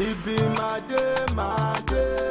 ibi máa dé máa dé.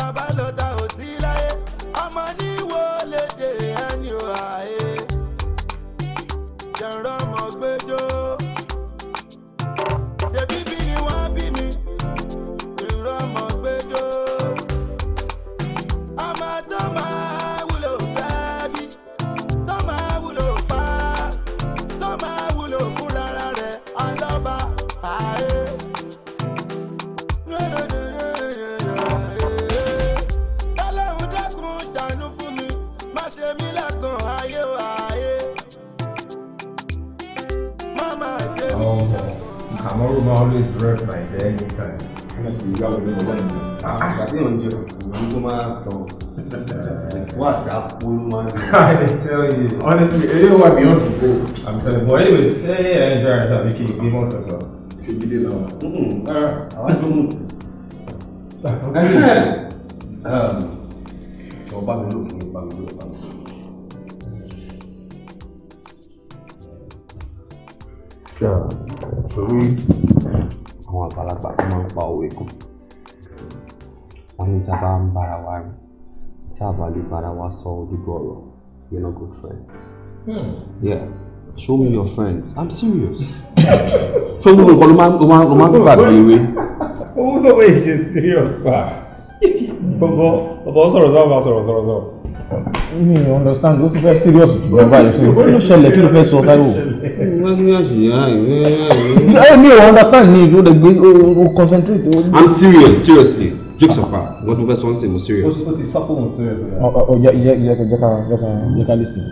tàbá lọ ta ò sí láyé can tell you. Honestly, it was beyond the goal. I'm telling you. But anyway, yeah, yeah, yeah, Jared, that we can be more than that. Should be the law. Mm-hmm. Uh, I want to move. Um, ọba mi ló kì í the mi ló pa mi. Sori àwọn àgbàlagbà tó máa ń pa òwe kan. Wọ́n ní tá a bá ń bára wa rìn, tá a bá lè bára wa sọ ojúbọ ọ̀rọ̀. You're not good friends. Hmm. Yes. Show me your friends. I'm serious. Show me your romantic romantic bad way. Owó náà wẹ̀ ṣe serious pa. Bọ̀bọ̀ bọ̀bọ̀ sọ̀rọ̀ sọ̀rọ̀ bá sọ̀rọ̀ sọ̀rọ̀ sọ̀rọ̀. Mi ò understand, ó ti fẹ́ serious jù lọ báyìí You Ó ló ṣẹlẹ̀ kí ló fẹ́ sọ Táíwò. Mi ò understand ni o de gbé o concentrate. I'm serious seriously jokes apart nǹkan tó fẹ́ sọ ń sè mo serious. ó ti sọ mo serious. ọ yẹ yẹ yẹ ká yẹ ká yẹ ká list it.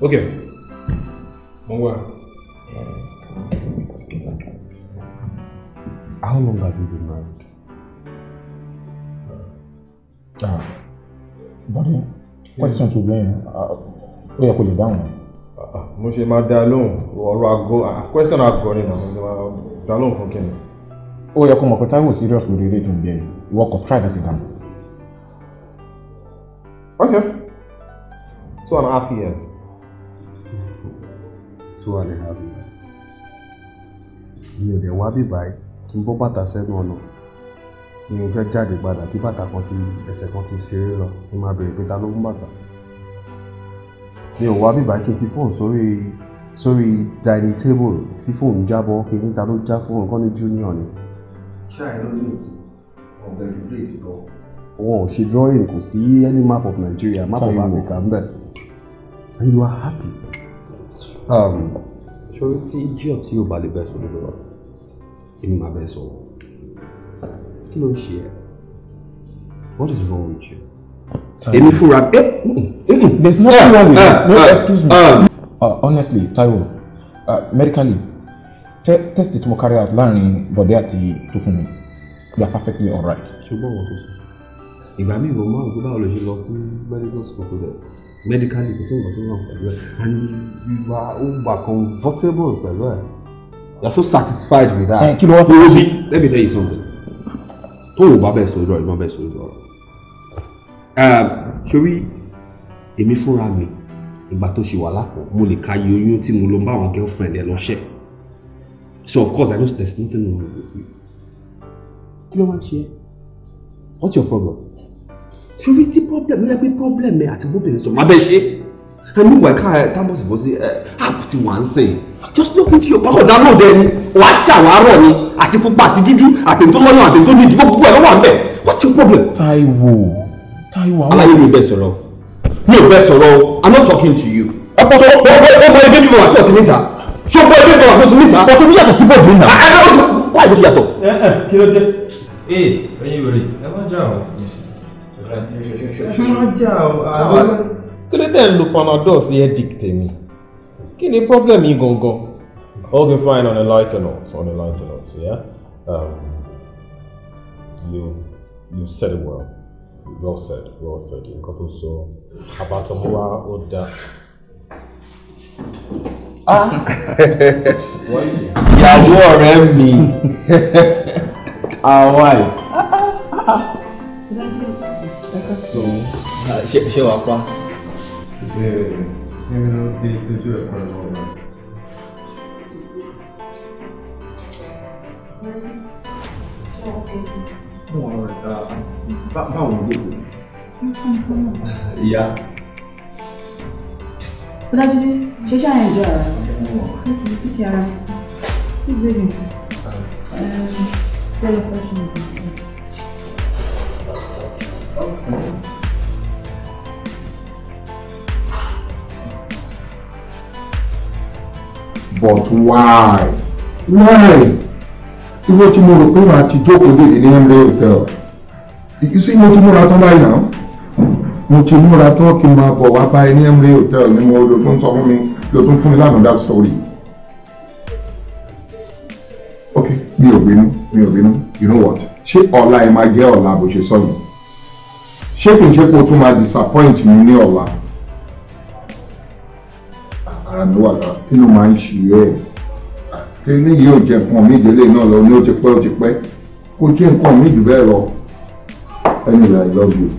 ok mo wá. How long have you been married? Ah, ah. buddy, question to blame. Ah, ó yẹ kó lè dáhùn. Ah, mo ṣe máa dá lóhùn ọ̀rọ̀ àgọ́ question àgọ́ nínú àwọn ọ̀dọ́ lóhùn fún kẹ́mi. Ó yẹ kó mọ̀ pé Táíwò serious lórí eré tó ń Welcome, try that again. Okay. Two and a half years. Two and a half years. You, ò dẹ̀ by, bí báyìí kí n bọ́ bàtà sẹ́nu ọ̀nà kí n fẹ́ jáde padà kí bàtà kan ti ẹsẹ̀ kan ti ṣeré lọ kí n máa bèrè pé ta ló mú bàtà. Mi ò wá dining table kí fóònù jábọ́ kí n níta ló já fóònù kọ́ni junior ni. Ṣé àìlóyún ti? ọ̀gbẹ́ fi plate lọ. wọn ò ṣe drawing kò sí any map of Nigeria map of Africa ń and you are happy. Um, ṣorí tí jíọ̀ tí yóò bá lè bẹ́ẹ̀ sọ lórí wa èmi máa bẹ́ẹ̀ sọ kí ló ń ṣe ẹ́ what is wrong with you. èmi fúnra ẹ eh, eh, eh, there is nothing wrong with you ah, excuse me. Ah, ah. Uh, honestly Taiwo uh, medically te test tí mo carry out láàrin Bọ̀dé àti tó fún mi you are perfectly alright. ṣùgbọ́n wọn tó sọ ìgbà míì mo máa ń gbé báwo ló ṣe lọ sí medical school tó dẹ̀ medically kò sí nǹkan tó wà pẹ̀lú ẹ̀ and you are over comfortable pẹ̀lú ẹ̀ you are so satisfied with that. ẹ kí ló wá fún mi. let me tell you something tó o bá bẹ́ẹ̀ sọ ìrọ̀ ìrọ̀ bẹ́ẹ̀ sọ ìrọ̀ ṣorí um, èmi fúnra mi ìgbà tó ṣì wà lápò mo lè ka iye oyún tí mo lọ bá àwọn girlfriend ẹ lọ ṣẹ so of course i know there's nothing wrong with you kí ló máa ń ṣe ẹ́ what's your problem? ṣorí tí problem yẹ pé problem ẹ àti bóbìnrin sọ má bẹ́ẹ̀ ṣe ẹnu ìwà ẹ̀ka tábọ̀sì bó sí app ti wà ń sè just look into your kọ́kọ́ download ẹni wàá tí àwọn arọ̀ ni àti pupa àti dúdú àti tó lọ́yàn àti tó ní ìdìbò gbogbo ẹ̀ lọ́wọ́ à ń bẹ̀ what's your problem? Táíwò Táíwò àwọn. aláyé mi ò bẹ́ẹ̀ sọ̀rọ̀ mi ò bẹ́ẹ̀ I'm not talking to you. ọ̀pọ̀ ọ̀pọ̀ ẹgbẹ́ bíbọ̀ àti ọ̀tí níta ṣọ̀pọ̀ ẹgbẹ́ bíbọ̀ àti ọ̀tí níta ọ̀tí níta kò sí bọ́ọ̀dù eh, eh, náà ee ẹ̀yin wèrè ẹ má jà o. ẹ má jà o. kí ló dé ń lo panadol sí headache tèmi kí ni problem yìí gangan. okay fine on a lighter note on a lighter note yeah um, you you said it well well said well said nǹkan tó sọ àbátọmọwá ó dáa. ìyàwó ọ̀rẹ́ mi. How are you? Ẹ káàtó. Ṣé ṣé wàá pa? Bẹ́ẹ̀ ni ló dé tójú ẹ̀ pẹ̀lú ọ̀rọ̀. Báwo ni báwo ni dé tó? Ìyá. Bọ́lájídé, ṣé ṣáà yẹn jẹ́ ara? Fẹ́ lọ fẹ́ But why? Why? Ibo tí mo rò pé màá ti jókòó lè the Henry Hotel. Ìkísí mo ti múra tán báyìí náà. Mo ti múra tán kí n máa bọ̀ wá bá the ní Hotel ni mo lo tó ń sọ fún mi lo tó ń fún mi Okay mi ò bínú mi ò bínú you know what ṣé ọ̀la ẹ̀ máa jẹ́ ọ̀la bó ṣe sọ yìí ṣé kì í ṣe kó tún máa disappoint mi ní ọ̀la ara mi wà lára kí ló máa ń ṣe ẹ́ kí ní yìí ò jẹ nǹkan mi ìdílé náà lọ ní ó ti pẹ́ ó ti pẹ́ kó jẹ́ nǹkan mi jù bẹ́ẹ̀ lọ anyway I love you.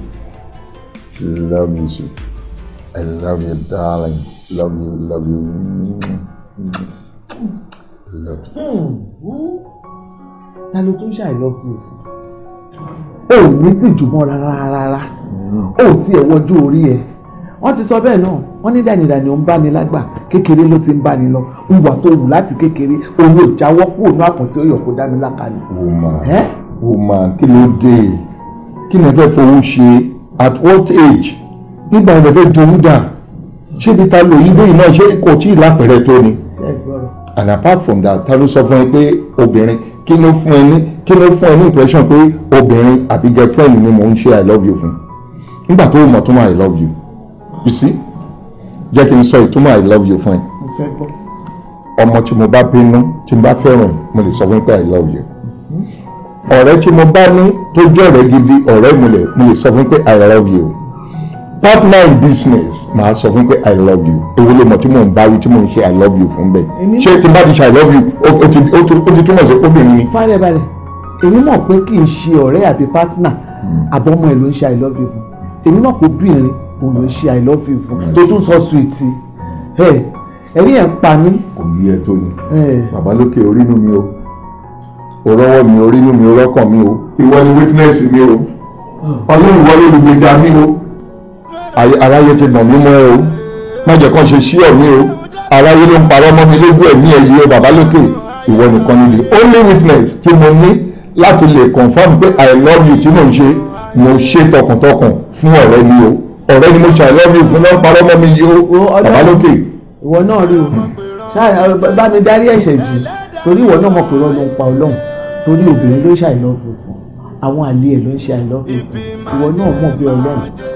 I love you too. I love you darling. Love you, love you. Hmm. Love you. Mm ta ló tún ṣàìlọ́ fi òfò ò ní tìjú mọ́ rárá rárá ò tí ẹ̀ wọ́jú orí ẹ̀ wọ́n ti sọ bẹ́ẹ̀ náà wọ́n ní dànìdànì òun bá ní lágbà kékeré ló ti ń bá ní lọ ìwà tó wù láti kékeré òun ò jáwọ́ kúrò ní àkùntí òyò kó dá mi lákàlẹ̀. wò mà wò kí ló dé kí ni ẹ fẹ́ fowó ṣe at what age nígbà yẹn fẹ́ dowó dà ṣé ibi ta lòyìn bẹ́ẹ̀ náà ṣé kò tí ì lápẹ̀rẹ̀ tó ni and apart from that ta ló sọ fún ẹ pé obìnrin kí ló fún ẹ ní kí ló fún ẹ ní impression pé obìnrin àbí girlfriend ni mò ń ṣe i love you fún nígbà tó mọ̀ tó mọ̀ i love you you see jẹ́ kí n sọ ìtumọ̀ i love you fún ẹ ọmọ tí mo bá bínú tí mo bá fẹ́ràn mo lè sọ fún pé i love you mm-hmm. ọ̀rẹ́ tí mo bá ní tó jẹ́ ọ̀rẹ́ gidi ọ̀rẹ́ mo lè sọ fún pé i love you partner in business máa sọ fún pé i love you èwo ló mọ̀ tí mò ń báwí tí mò ń ṣe i love you fún bẹ́ẹ̀ ṣé tí n bá ti ṣe i love you ó ti túmọ̀ sí obìnrin ni. fàlẹ̀ balẹ̀ èmi mọ̀ pé kì í ṣe ọ̀rẹ́ àbí partner hmm. àbọ̀mọ ẹ̀ ló ń ṣe i love you fún èmi mọ̀ pé obìnrin òun ló ń ṣe i love you fún hmm. tó tún sọ sweetie ẹ̀rí ẹ̀ ń pa mí. kò yí ẹ tó ni bàbá lókè orí inú mi o ò rọwọ́ mi orí inú mi ò mi o ìwọ ni witness mi o hmm. ọlọ́run wọlé olùgbèjà mi o aráyé ti nà mí mọ́ ẹ o má jẹ́ kán ṣe sí ẹ̀mí o aráyé ló ń parọ́ mọ́ mi lójú ẹ̀mí ẹ̀yẹ o bàbá lókè ìwọ nìkan ni the only witness tí mo ní láti lè confirm pé i love you tí mò ń ṣe mo ṣe tọkàntọkàn fún ọ̀rẹ́ mi o ọ̀rẹ́ ni mo ṣe i love you fún náà parọ́ mọ́ mi yìí o bàbá lókè. ìwọ náà rí o bá mi darí ẹ̀ṣẹ̀ jì torí ìwọ náà mọ̀ pé ọlọ́run ń pa ọlọ́run torí obìnrin ló ṣàìlọ́ọ̀fù fún àwọn àlè ẹ̀ ló ń ṣe àìlọ́ọ̀fù fún ìwọ náà mọ̀ bí ọlọ́run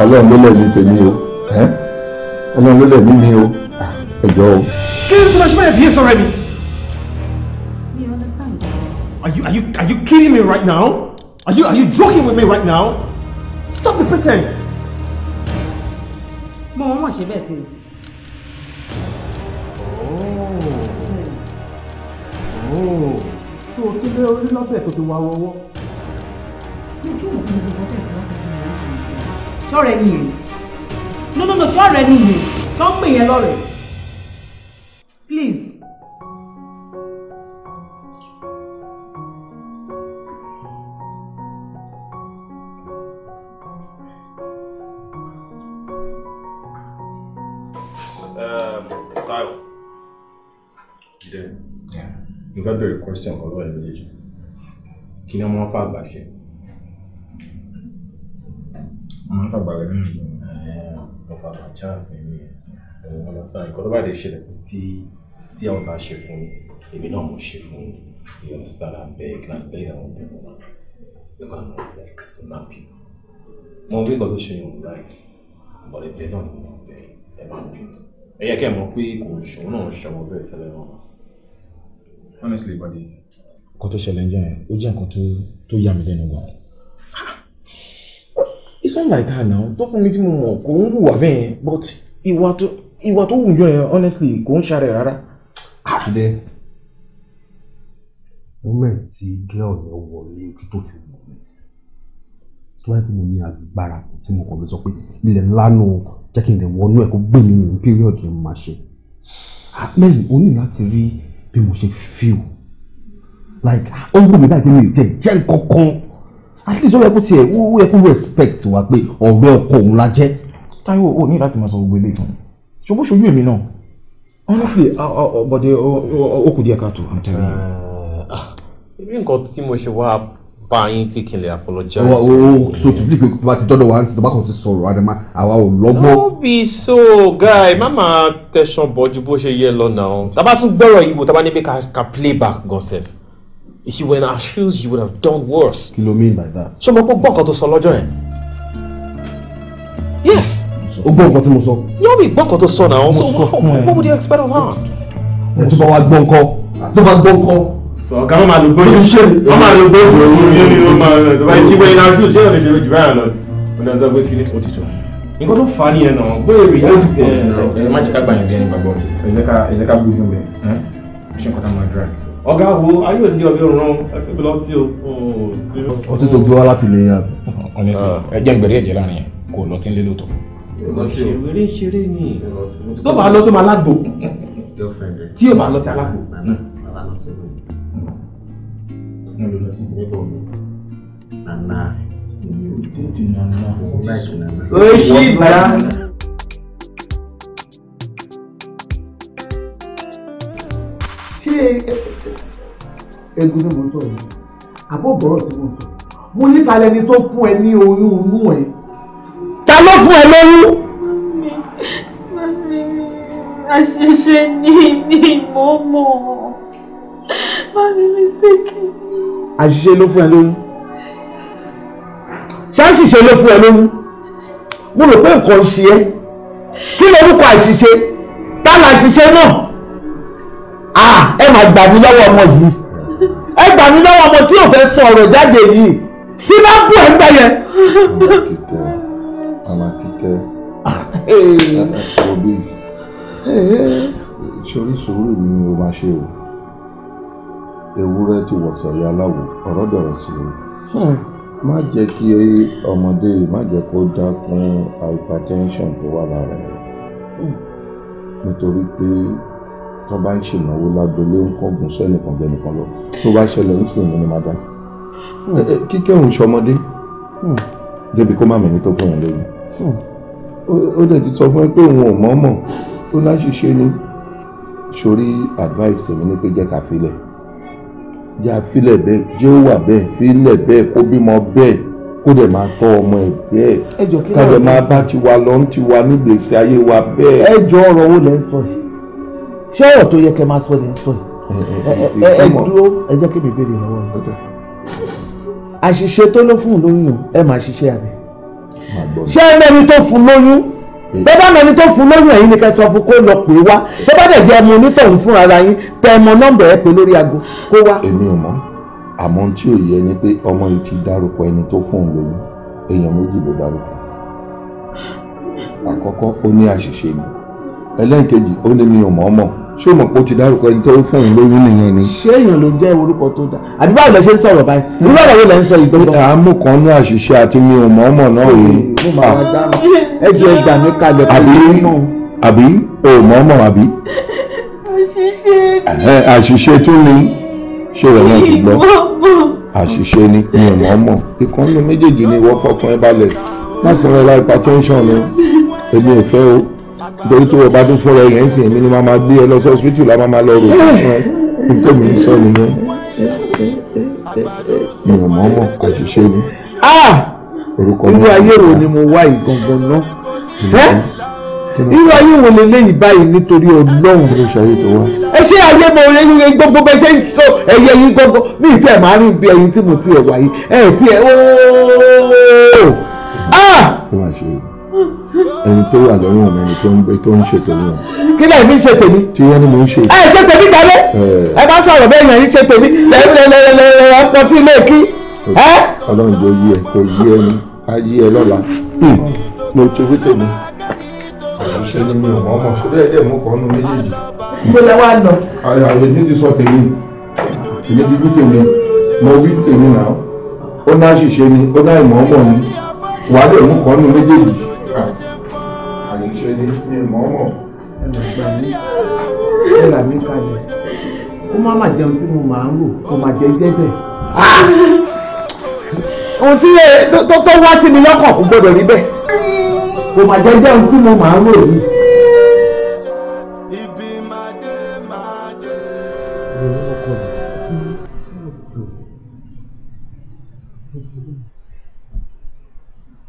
ọlọ́run ló lẹ́mí tèmi o ọlọ́run ló lẹ́mí mi o ẹ̀jọ̀ o. kí ló ń sọ báyìí bí èso mi. are you are you are you kidding me right now are you are you joking with me right now stop the pretense. mo mọ̀ mọ̀ ṣe bẹ́ẹ̀ sí i. Oh. Oh. so kí ló rí lọ́bẹ̀ tó fi wá wọ́wọ́. mo ṣùgbọ́n kí n kò sọ̀rọ̀ ẹni rè no no no sọ̀rọ̀ ẹni rè tó ń pè yẹn lọ́rẹ̀ please. nǹkan um, bẹ̀rẹ̀ question kan lọ́wọ́ ẹ̀ méjèèjì kí ni wọ́n fà gbà ṣe máa ń tàgbà lẹ́nu ọ̀fà chance mi eh, ẹ̀rọ understand nǹkan tó bá lè ṣẹlẹ̀ sí sí tí àwọn bá ṣe fún mi èmi náà mo ṣe fún mi you understand abeg na beg àwọn obìnrin náà you can not vex na be mo gbé nǹkan tó ṣe yẹn right but ẹ̀bẹ̀ náà ni mo bẹ̀ ẹ máa bí ẹ yẹ kẹ́ ẹ mọ̀ pé kò ṣòwò náà ṣọwọ́ bẹ́ẹ̀ tẹ́lẹ̀ náà honestly buddy nǹkan tó ṣẹlẹ̀ ń jẹ́ yẹn ó jẹ́ tó yà mí lẹ́nu gan it's not like that now tó fún mi tí mo mọ̀ kò ń hùwà bẹ́ẹ̀ but ìwà tó ìwà tó wù yọ yẹn honestly kò ń ṣàrẹ̀ rárá. àdé ah, moment tí girl yẹn wọlé ojú tó fi wù mí tó wáyé pé mo ní agbára tí mo kàn lè sọ pé ilẹ̀ lánàá jẹ́ kí n lè wọnú ẹ̀ kó gbé mi ní period yẹn máa ṣe ah, mẹ́rin o ní láti rí bí mo ṣe feel like ah, ó ń gbọ́ mi báyìí pé mi ò tiẹ̀ jẹ́ nǹkan kan at least ó yẹ kó tiẹ̀ ó yẹ kó respect wa pé ọ̀rẹ́ ọkọ òun la jẹ́. Táíwò ò ní láti máa sọ gbogbo eléyìí ṣùgbọ́n ṣojú èmi náà honestly ọ̀bọ̀dé ó eh, kù díẹ̀ káàtó i'm telling you. Uh, ah, ibi nǹkan tí mo ṣe wá bá yín pé kí n lè apologize. o o so to believe pé bá ti dọ́dọ̀ wá sí tobacco ti sọ̀rọ̀ adama àwa ò lọ́gbọ́n. no be so guy má máa tẹ̀sán bọ̀ ju bó ṣe yẹ lọ náà tá a bá tún gbọ́rọ̀ yìí wò tá a bá ní pé ká play back gan sef If you were in our shoes, you would have done worse. Kí ló mean by that? Ṣé mo gbọ́ nǹkan tó sọ lọ́jọ́ yẹn? Yes. O gbọ́ nǹkan tí mo sọ. Yóò mi gbọ́ nǹkan tó sọ náà. So what would you expect of her? Ẹ tó bá wá gbọ́ nǹkan. Tó bá gbọ́ nǹkan. Sọ ọ̀gá wọn máa lo gbóyè. Wọ́n máa lo gbóyè. Wọ́n máa lo gbóyè. If you were in our shoes, ṣé o lè ṣe jù báyà lọ? Mo ní ọjọ́ pé kí ni o ti tọ́. Nǹkan tó fà á nìyẹn náà. Gbóyè rè é ti fọ̀ ẹ̀ ẹ̀ má jẹ́ ká gbà bí ẹni gbàgbọ́. Ẹ jẹ́ ká gbójú mi. Ṣé nǹkan tá máa dra? ọ̀gá wo ayé òní ọ̀bẹ òran ẹgbẹ́ lọ tí o. ó ti tó gbé wá láti ilé yàrá. honestly ah. ẹjẹ gbèrè ẹjẹ láàrin yẹn kò lọ tí ń lé lóto. ìwéré ṣeré ni tó bá lọ tó máa lágbo tí yóò bá lọ tí alágbo. Nana. Oṣì bá. ṣé egun ni mo ń sọ̀rọ̀ yìí àbó bọ̀rọ̀ tí mo ń sọ mo ní talẹ̀ ni tó fún ẹ ní oyún inú ẹ. ta ló fún ẹ lóyún. àṣìṣe ni ni mo mọ̀ mami mistake ni. àṣìṣe ló fún ẹ lóyún ṣé àṣìṣe ló fún ẹ lóyún mo rò pé nǹkan ṣe ẹ́ kí lorúkọ àṣìṣe tá la ṣiṣẹ́ náà. Ah, ẹ máa gbà mí lọ́wọ́ ọmọ yìí ẹ gbà mí lọ́wọ́ ọmọ tí yóò fẹ́ sọ ọ̀rọ̀ jáde yìí tí bá bù ẹ̀ ń gbà yẹn. alákìtẹ́ alákìtẹ́ òbí sórí sùúrù ni o máa ṣe o ewúrẹ́ ti wọ̀sọ̀rí aláwọ̀ ọ̀rọ̀ dọ̀rọ̀ sí i má jẹ́ kí ọmọdé má jẹ́ kó dákun hypertension tó wà lára rẹ̀ nítorí pé tó bá ń ṣènáwó lábẹ́lé ń kọ́gùn sẹ́nìkan gbẹnìkan lọ tó bá ṣẹlẹ̀ ń sìn mí ni madam hmm, eh, kíkẹ́ òun ṣọmọdé hmm, débi kó má mẹ́ni tó fún yẹn lóyún hmm, ó dẹ̀ ti sọ fún ẹ pé òun ò mọ̀ọ́mọ̀ ó láṣìṣe ni sórí advice tèmi ni pé jẹ́ ká filẹ̀ jẹ́ àfilẹ̀ bẹ́ẹ̀ jẹ́ ó wà bẹ́ẹ̀ filẹ̀ bẹ́ẹ̀ kó bímọ bẹ́ẹ̀ kó dẹ̀ máa tọ́ ọmọ ẹ̀ bẹ́ẹ̀ ká dẹ̀ máa bá tiwa lọ ń tiwa nígbèsè ayé wa bẹ́ẹ̀. ẹ jọ ọ̀rọ̀ wo lẹ ń sọ yìí ṣé ọ̀rọ̀ tó yẹ kẹ́ máa sọ ni sọ yìí ẹ dúró ẹ jẹ́ kí mi béèrè lọ́wọ́ yìí àṣìṣe tó ló fún un lóyún ẹ máa ṣiṣẹ́ àbẹ̀ ṣé ẹ mẹ́ni tó fún lóyún bẹ́ẹ̀ mẹ́ni tó fún lóyún ẹ̀yin ni kẹ́ sọ fún kó lọ pè wá bẹ́ẹ̀ bá dẹ̀ jẹ́ ẹmu onítọ̀hún fún ara yín tẹ ẹmọ nọ́mbà ẹ pè lórí aago kó wá. èmi ò mọ̀ àmọ́ tí ò yẹ ni pé ọmọ yìí ti dárúkọ ẹni tó fún un lóyún èèyàn méjì ló dárúkọ àkọ́kọ́ ó ní àṣìṣe ni ẹlẹ́ẹ̀kejì ó ní mi ò mọ̀ ọ́mọ̀ ṣé o mọ̀ pé o ti dárúkọ ẹni tó ń fún yín lóyún nìyẹn ni. ṣé èèyàn ló jẹ́ orúkọ tó dáa àbí báwo lẹ ṣe ń sọ̀rọ̀ báyìí irú ọ̀rọ̀ wo lẹ ń sọ ìgbọ́dọ̀. à ń mú kan ní àṣìṣe àti mi ò mọ̀ ọ́mọ̀ náà yìí. ẹ jẹ́ ẹgbà mi kalẹ̀ pẹ̀lú iná. àbí o ò mọ̀ ọ́mọ̀ àbí. àṣìṣe. àṣìṣe tún ni ṣé rẹ̀ náà ti gbọ́ àṣìṣe ni mi ò mọ̀ ọ́mọ̀ ìkànnì méjèèjì ni ìwọ fọkàn ẹ balẹ̀ má fún ẹ láìpá tẹ́ńṣọ̀n ni èmi ò fẹ́ o nítorí tó o bá tún fúnra yẹn sì mí ni màá máa gbé ẹ lọ sọ́sibítù la máa máa lọ rò fún ẹ sọ nìyẹn mi ò mọ̀ àṣìṣe ni. Ah! Ah! orúkọ mi irú ayé wo ni mo wá ìgangan náà irú ayé wo lè léyìí báyìí nítorí ọlọ́run ẹ ṣe ayé mo rẹ yín gbogbo bẹ ṣe ń sọ ẹyẹ yín gbogbo mi ì tí rí bí ẹyin tí mo ti ẹ wáyé ẹ tí ẹ ooo ẹni tó wà lọ́rùn mi ẹni tó ń ṣètò mi. kí lẹ́yìn mi ń ṣe tèmi. tí wọ́n ní mò ń ṣe. ẹ ṣe tèmi dalẹ̀ ẹ bá sọ̀rọ̀ bẹ́ẹ̀ yẹn ń ṣe tèmi lẹ́lẹ́lẹ́lẹ́lẹ́ ọkọ̀ tí ilé kí. ọlọ́run yóò yí ẹ kò yí ẹ ní á yí ẹ lọ́la ló hmm. ti wí tèmi. àṣìṣe ni mi ò mọ̀ ọmọ sórí ẹ̀jẹ̀ mú kọ́ nínú méjèèjì. gbọ́dọ̀ wá lọ. àyàwó ní ti sọ tèmi èmi ti wí tèmi mo wí tèmi náà ó ná àṣìṣe ni ó ná ìmọ̀ ọmọ ni wàá dẹ̀ mú kọ́ nínú méjèèjì àyíṣe ní ní mọ́mọ́. ẹ là mí kalẹ̀ ó má má jẹun tí mo máa ń rò kó má jẹ jẹ́jẹ́. ohun tí tó tó wá sí mi lọ́kàn kò gbọdọ̀ rí bẹ́ẹ̀ kó má jẹ jẹun tí mo máa ń rò yìí.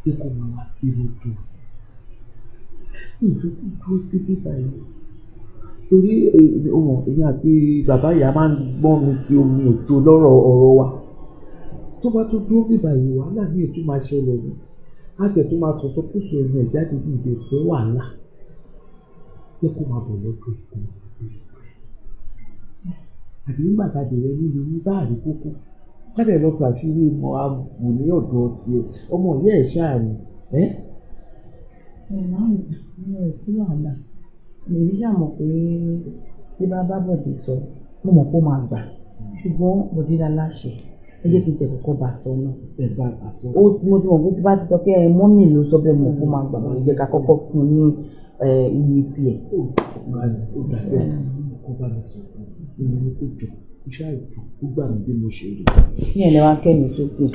ikú máa wá sí lójú ìfẹ́ kò dúró sí bíbá yìí torí èmi àti bàbá ìyá máa ń gbọ́n mi sí omi òtó lọ́rọ̀ ọ̀rọ̀ wa tó bá tó dúró bíbá yìí wàhálà ní ètò máa ṣẹlẹ̀ ni á tẹ̀ máa sọ̀tọ̀ kó sọ ẹ̀yìn ẹ̀ bí ìdè fẹ́ wàhálà yẹ kó máa bọ̀ lọ́dọ̀ ìkọ́ àbí nígbà tá a bẹ̀rẹ̀ nílùú ní báàrí kókó káde lọ fàṣírí mọ àbù ní ọ̀dọ̀ tiẹ̀ ọmọ ìyá ẹ̀ ṣáà ni. ẹ̀ máa ń gbà ìyẹn ò sí wàhálà èmi ṣàmọ̀ pé tí bá bá bọ̀dé sọ mo mọ̀ kó máa gbà ṣùgbọ́n bọ̀dé la láṣẹ ẹ jẹ́ kí n tẹ̀kọ́ kọ́ bá sọ náà. ẹ bá a sọ. ó mo ti mọ̀ pé tí bá ti sọ pé ẹ mọ́mì ló sọ bẹ́ẹ̀ mọ̀ kó máa gbà wọ́n jẹ́ ká kọ́kọ́ fún un ní iye tiẹ̀. o dà bẹ́ẹ̀ kó bá mi sọ fún un ìwé ni kò jọ iṣẹ́ àìjù gbígbà mí bí mo ṣe rí. kí ẹ̀ lè wá kẹ́mi sókè.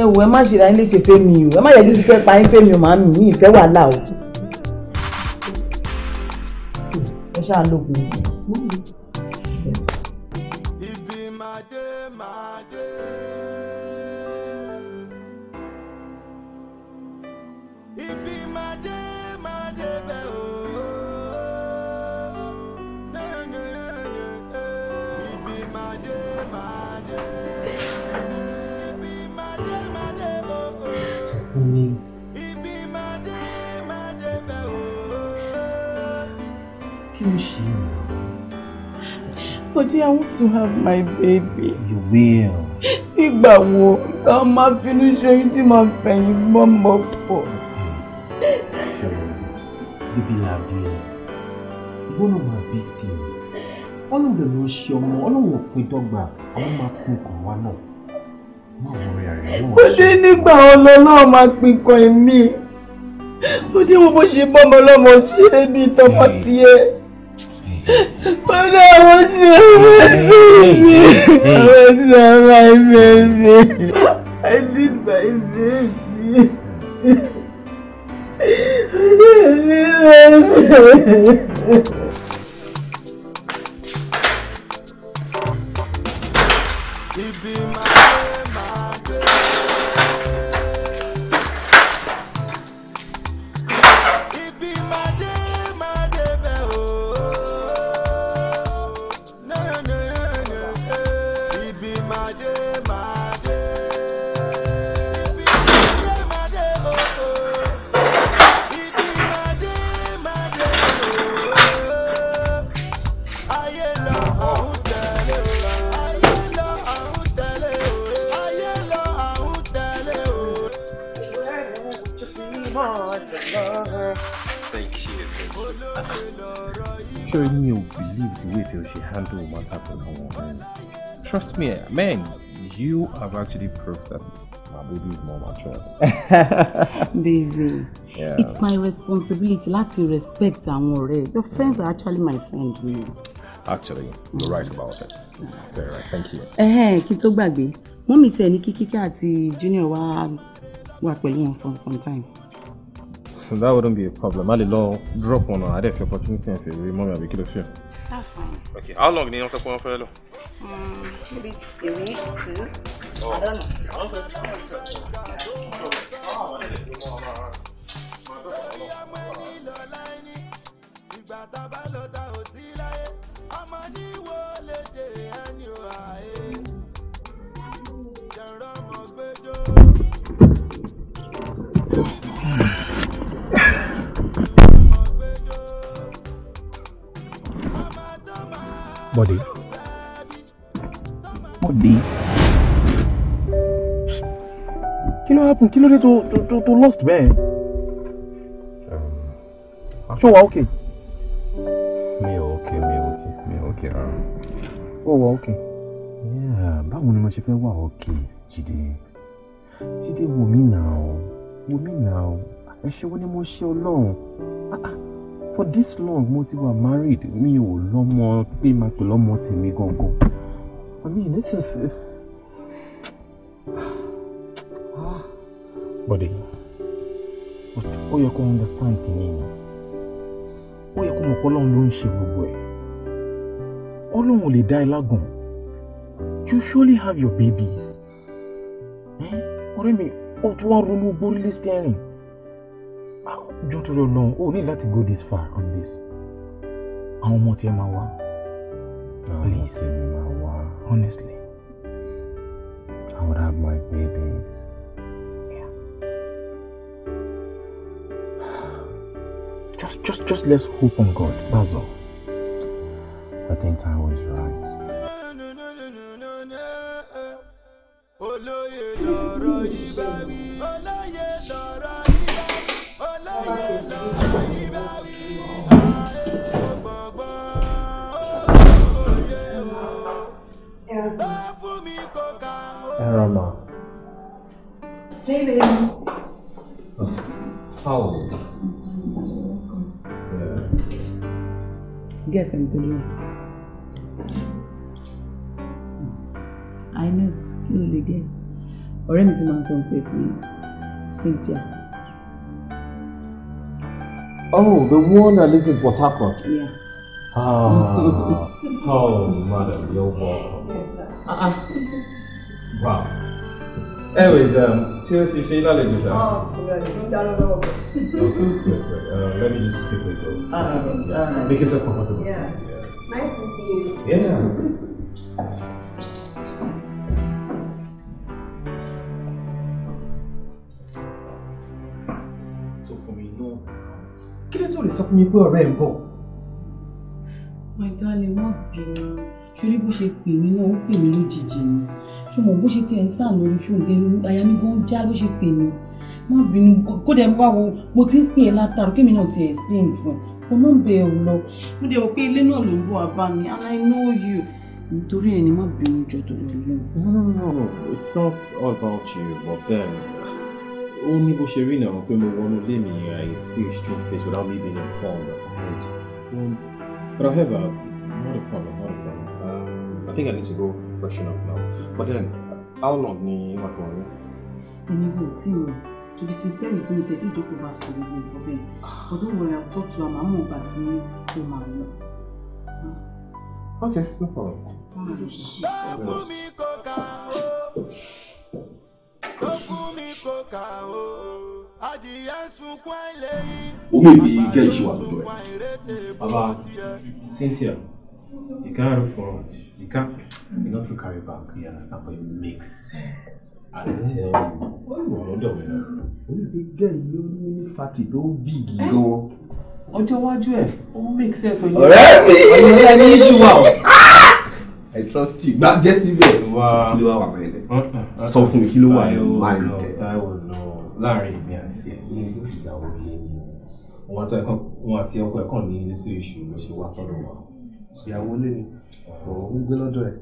ẹ wò ẹ má ṣe ra ilé ìfẹ́ mi o ẹ má yẹ kí ìfẹ́ pa ìfẹ́ mi o màá mi ìfẹ́ wàhálà o. ẹ ṣáà lóògùn yìí. Akọ̀jí, I want to have my baby. You will. Nígbà wo tá a máa finú ṣoyún tí màá fẹ̀yìn gbọ́mọ pọ̀? Ṣọ̀rọ̀ bíbí làbí ẹ̀. Gbọ́dọ̀ máa bí tiẹ̀. Ọlọ́run lè lọ ṣe ọmọ, ọlọ́run ò pín dọ́gba, àwọn máa pín ọkàn wa náà. Ó dé nígbà ọlọ́ náà máa pín kan èmi. Ó dé wo bó ṣe bọ́mọ lọ́mọ sí ẹbí tọmọ tiẹ̀. Mọ́nà àwọn tí wọ́n fẹ́ mi. Àwọn tí wọ́n I need my baby. my baby. man, you have actually proved that my baby is more mature. baby, yeah. it's my responsibility láti respect and worry. Your friends are actually my friends. You know? Actually, you're right about it. Very right, thank you. Eh, kí n tó gbàgbé, mọ́mì tẹ̀ ní kíkíkẹ́ àti junior wá wà pẹ̀lú wọn for some time. That wouldn't be a problem. A lè drop one or I def opportunity and fi Mommy, mọ́mì àbí kí ló fẹ́. That's fine. Okay. How long ni wọ́n sọ pé wọ́n fẹ́ lọ? Hmm, maybe a week, two. Oh. I don't know. Okay. Ìgbà body. Bọ̀dé. Kí ló happen? Kí ló dé to tó tó lost bẹ́ẹ̀? Um, ṣé okay? Me okay, me okay, me okay rárá. Ó wà okay. Báwo ni mo ṣe fẹ́ wà okay, Jídé? Jídé wò mí now, ọ́, wò now. I ọ́, ẹ̀ṣẹ̀ wo ni alone. ṣe Ọlọ́run? Ah, ah for this long mo ti wà married mi ò lọ́mọ pé máa pè lọ́mọ tèmi gangan i mean this is it's. ah. But ó yẹ kó understand kìíní ni ó yẹ kó mọ̀ pé ọlọ́run ló ń ṣe gbogbo ẹ̀ ọlọ́run ò lè dá ẹ lágàn you surely have your babies eh? ọ̀rẹ́ mi ó tún wá ronú borílẹ̀ steering. Don't torí Ọlọ́run only let láti go this far on this I ọmọ tí ẹ máa please honestly. I would have my babies. Yeah. Just, just, just let's hope on God. That's all. I think I was right. I'm to do. I know you ló lè guess. Or mi ti máa ń sọ Cynthia. Oh, the one that lives in Port Harcourt. Yeah. Ah. oh, madam, you're welcome. Yes, sir. Uh-uh. Wow. Anyways, um, ṣé ṣiṣẹ́ ìlàlejò ṣá. ọ ṣùgbọ́n ẹni tó ń dáná lọ́wọ́ bọ̀. let me just take the job. Uh, uh, make yourself comfortable. Yeah. nice to see you. Yeah. sọ fún mi náà kí ló tó lè sọ fún mi pé ọ̀rẹ́ ń bọ̀. my darling wọ́n bínú ṣorí bó ṣe pè mí náà ó pè mí lójijì ni ṣùgbọ́n bó ṣe tiẹ̀ ń sàn lórí fíìmù pé aya mi gan já ló ṣe pè mí má bínú kódà ń wá wo mo ti ń pè é látàrú kémi náà ti explain fún un ọ̀nà ń bẹ ẹ̀ lọ mo dẹ̀ wò pé ilé náà ló ń bọ̀ àbá mi and I know you nítorí ẹni má bínú jọ torí ọlọ́run. no no no it's not all about you but then ó ní bó ṣe rí ìnáwó pé mo wọnú ilé mi I see a face without me being informed and um, but however not a problem not a problem um, I think I need to go freshen up now. But then, how long ni matrimony? Èmi kò tí mọ̀. To be sincere with you, tẹ̀tí ìjókòó bá sọ gbogbo nǹkan bẹ́ẹ̀. Ah. But don't worry, I'll talk to her. mom about ọ̀gbà tí ó máa Okay, no problem. Tó fún mi kò kà ó. Omi ìbí gẹ́ ìṣèwà lọ́jọ́ ẹ̀. Cynthia, you can't afford. us. You can't, you don't feel carry back, you understand, but it makes sense. I mm. tell you, wọ́n yóò wọ́n lọ́dọ̀ wẹ̀ náà. Olùdí gẹ̀ẹ́ ló ní fati tó big gan. Ọjọ́ iwájú ẹ̀, ó make sense. Ọ̀rẹ́ mi! Ọ̀rẹ́ mi ní ṣùgbọ́n o. I trust you. Gba jẹ́ síbẹ̀. Kí ló wà wà mind ẹ̀? Sọ fún mi kí ló wà ní mind ẹ̀? Láàárín èmi àti ẹ̀ ní ìyàwó yẹn ni wọ́n àti ọkọ ẹ̀ ní ilé sí ìṣòro ṣe wá sọ́dọ̀ wa ìyàwó ilé ni òun gbé lọ́dọ̀ ẹ̀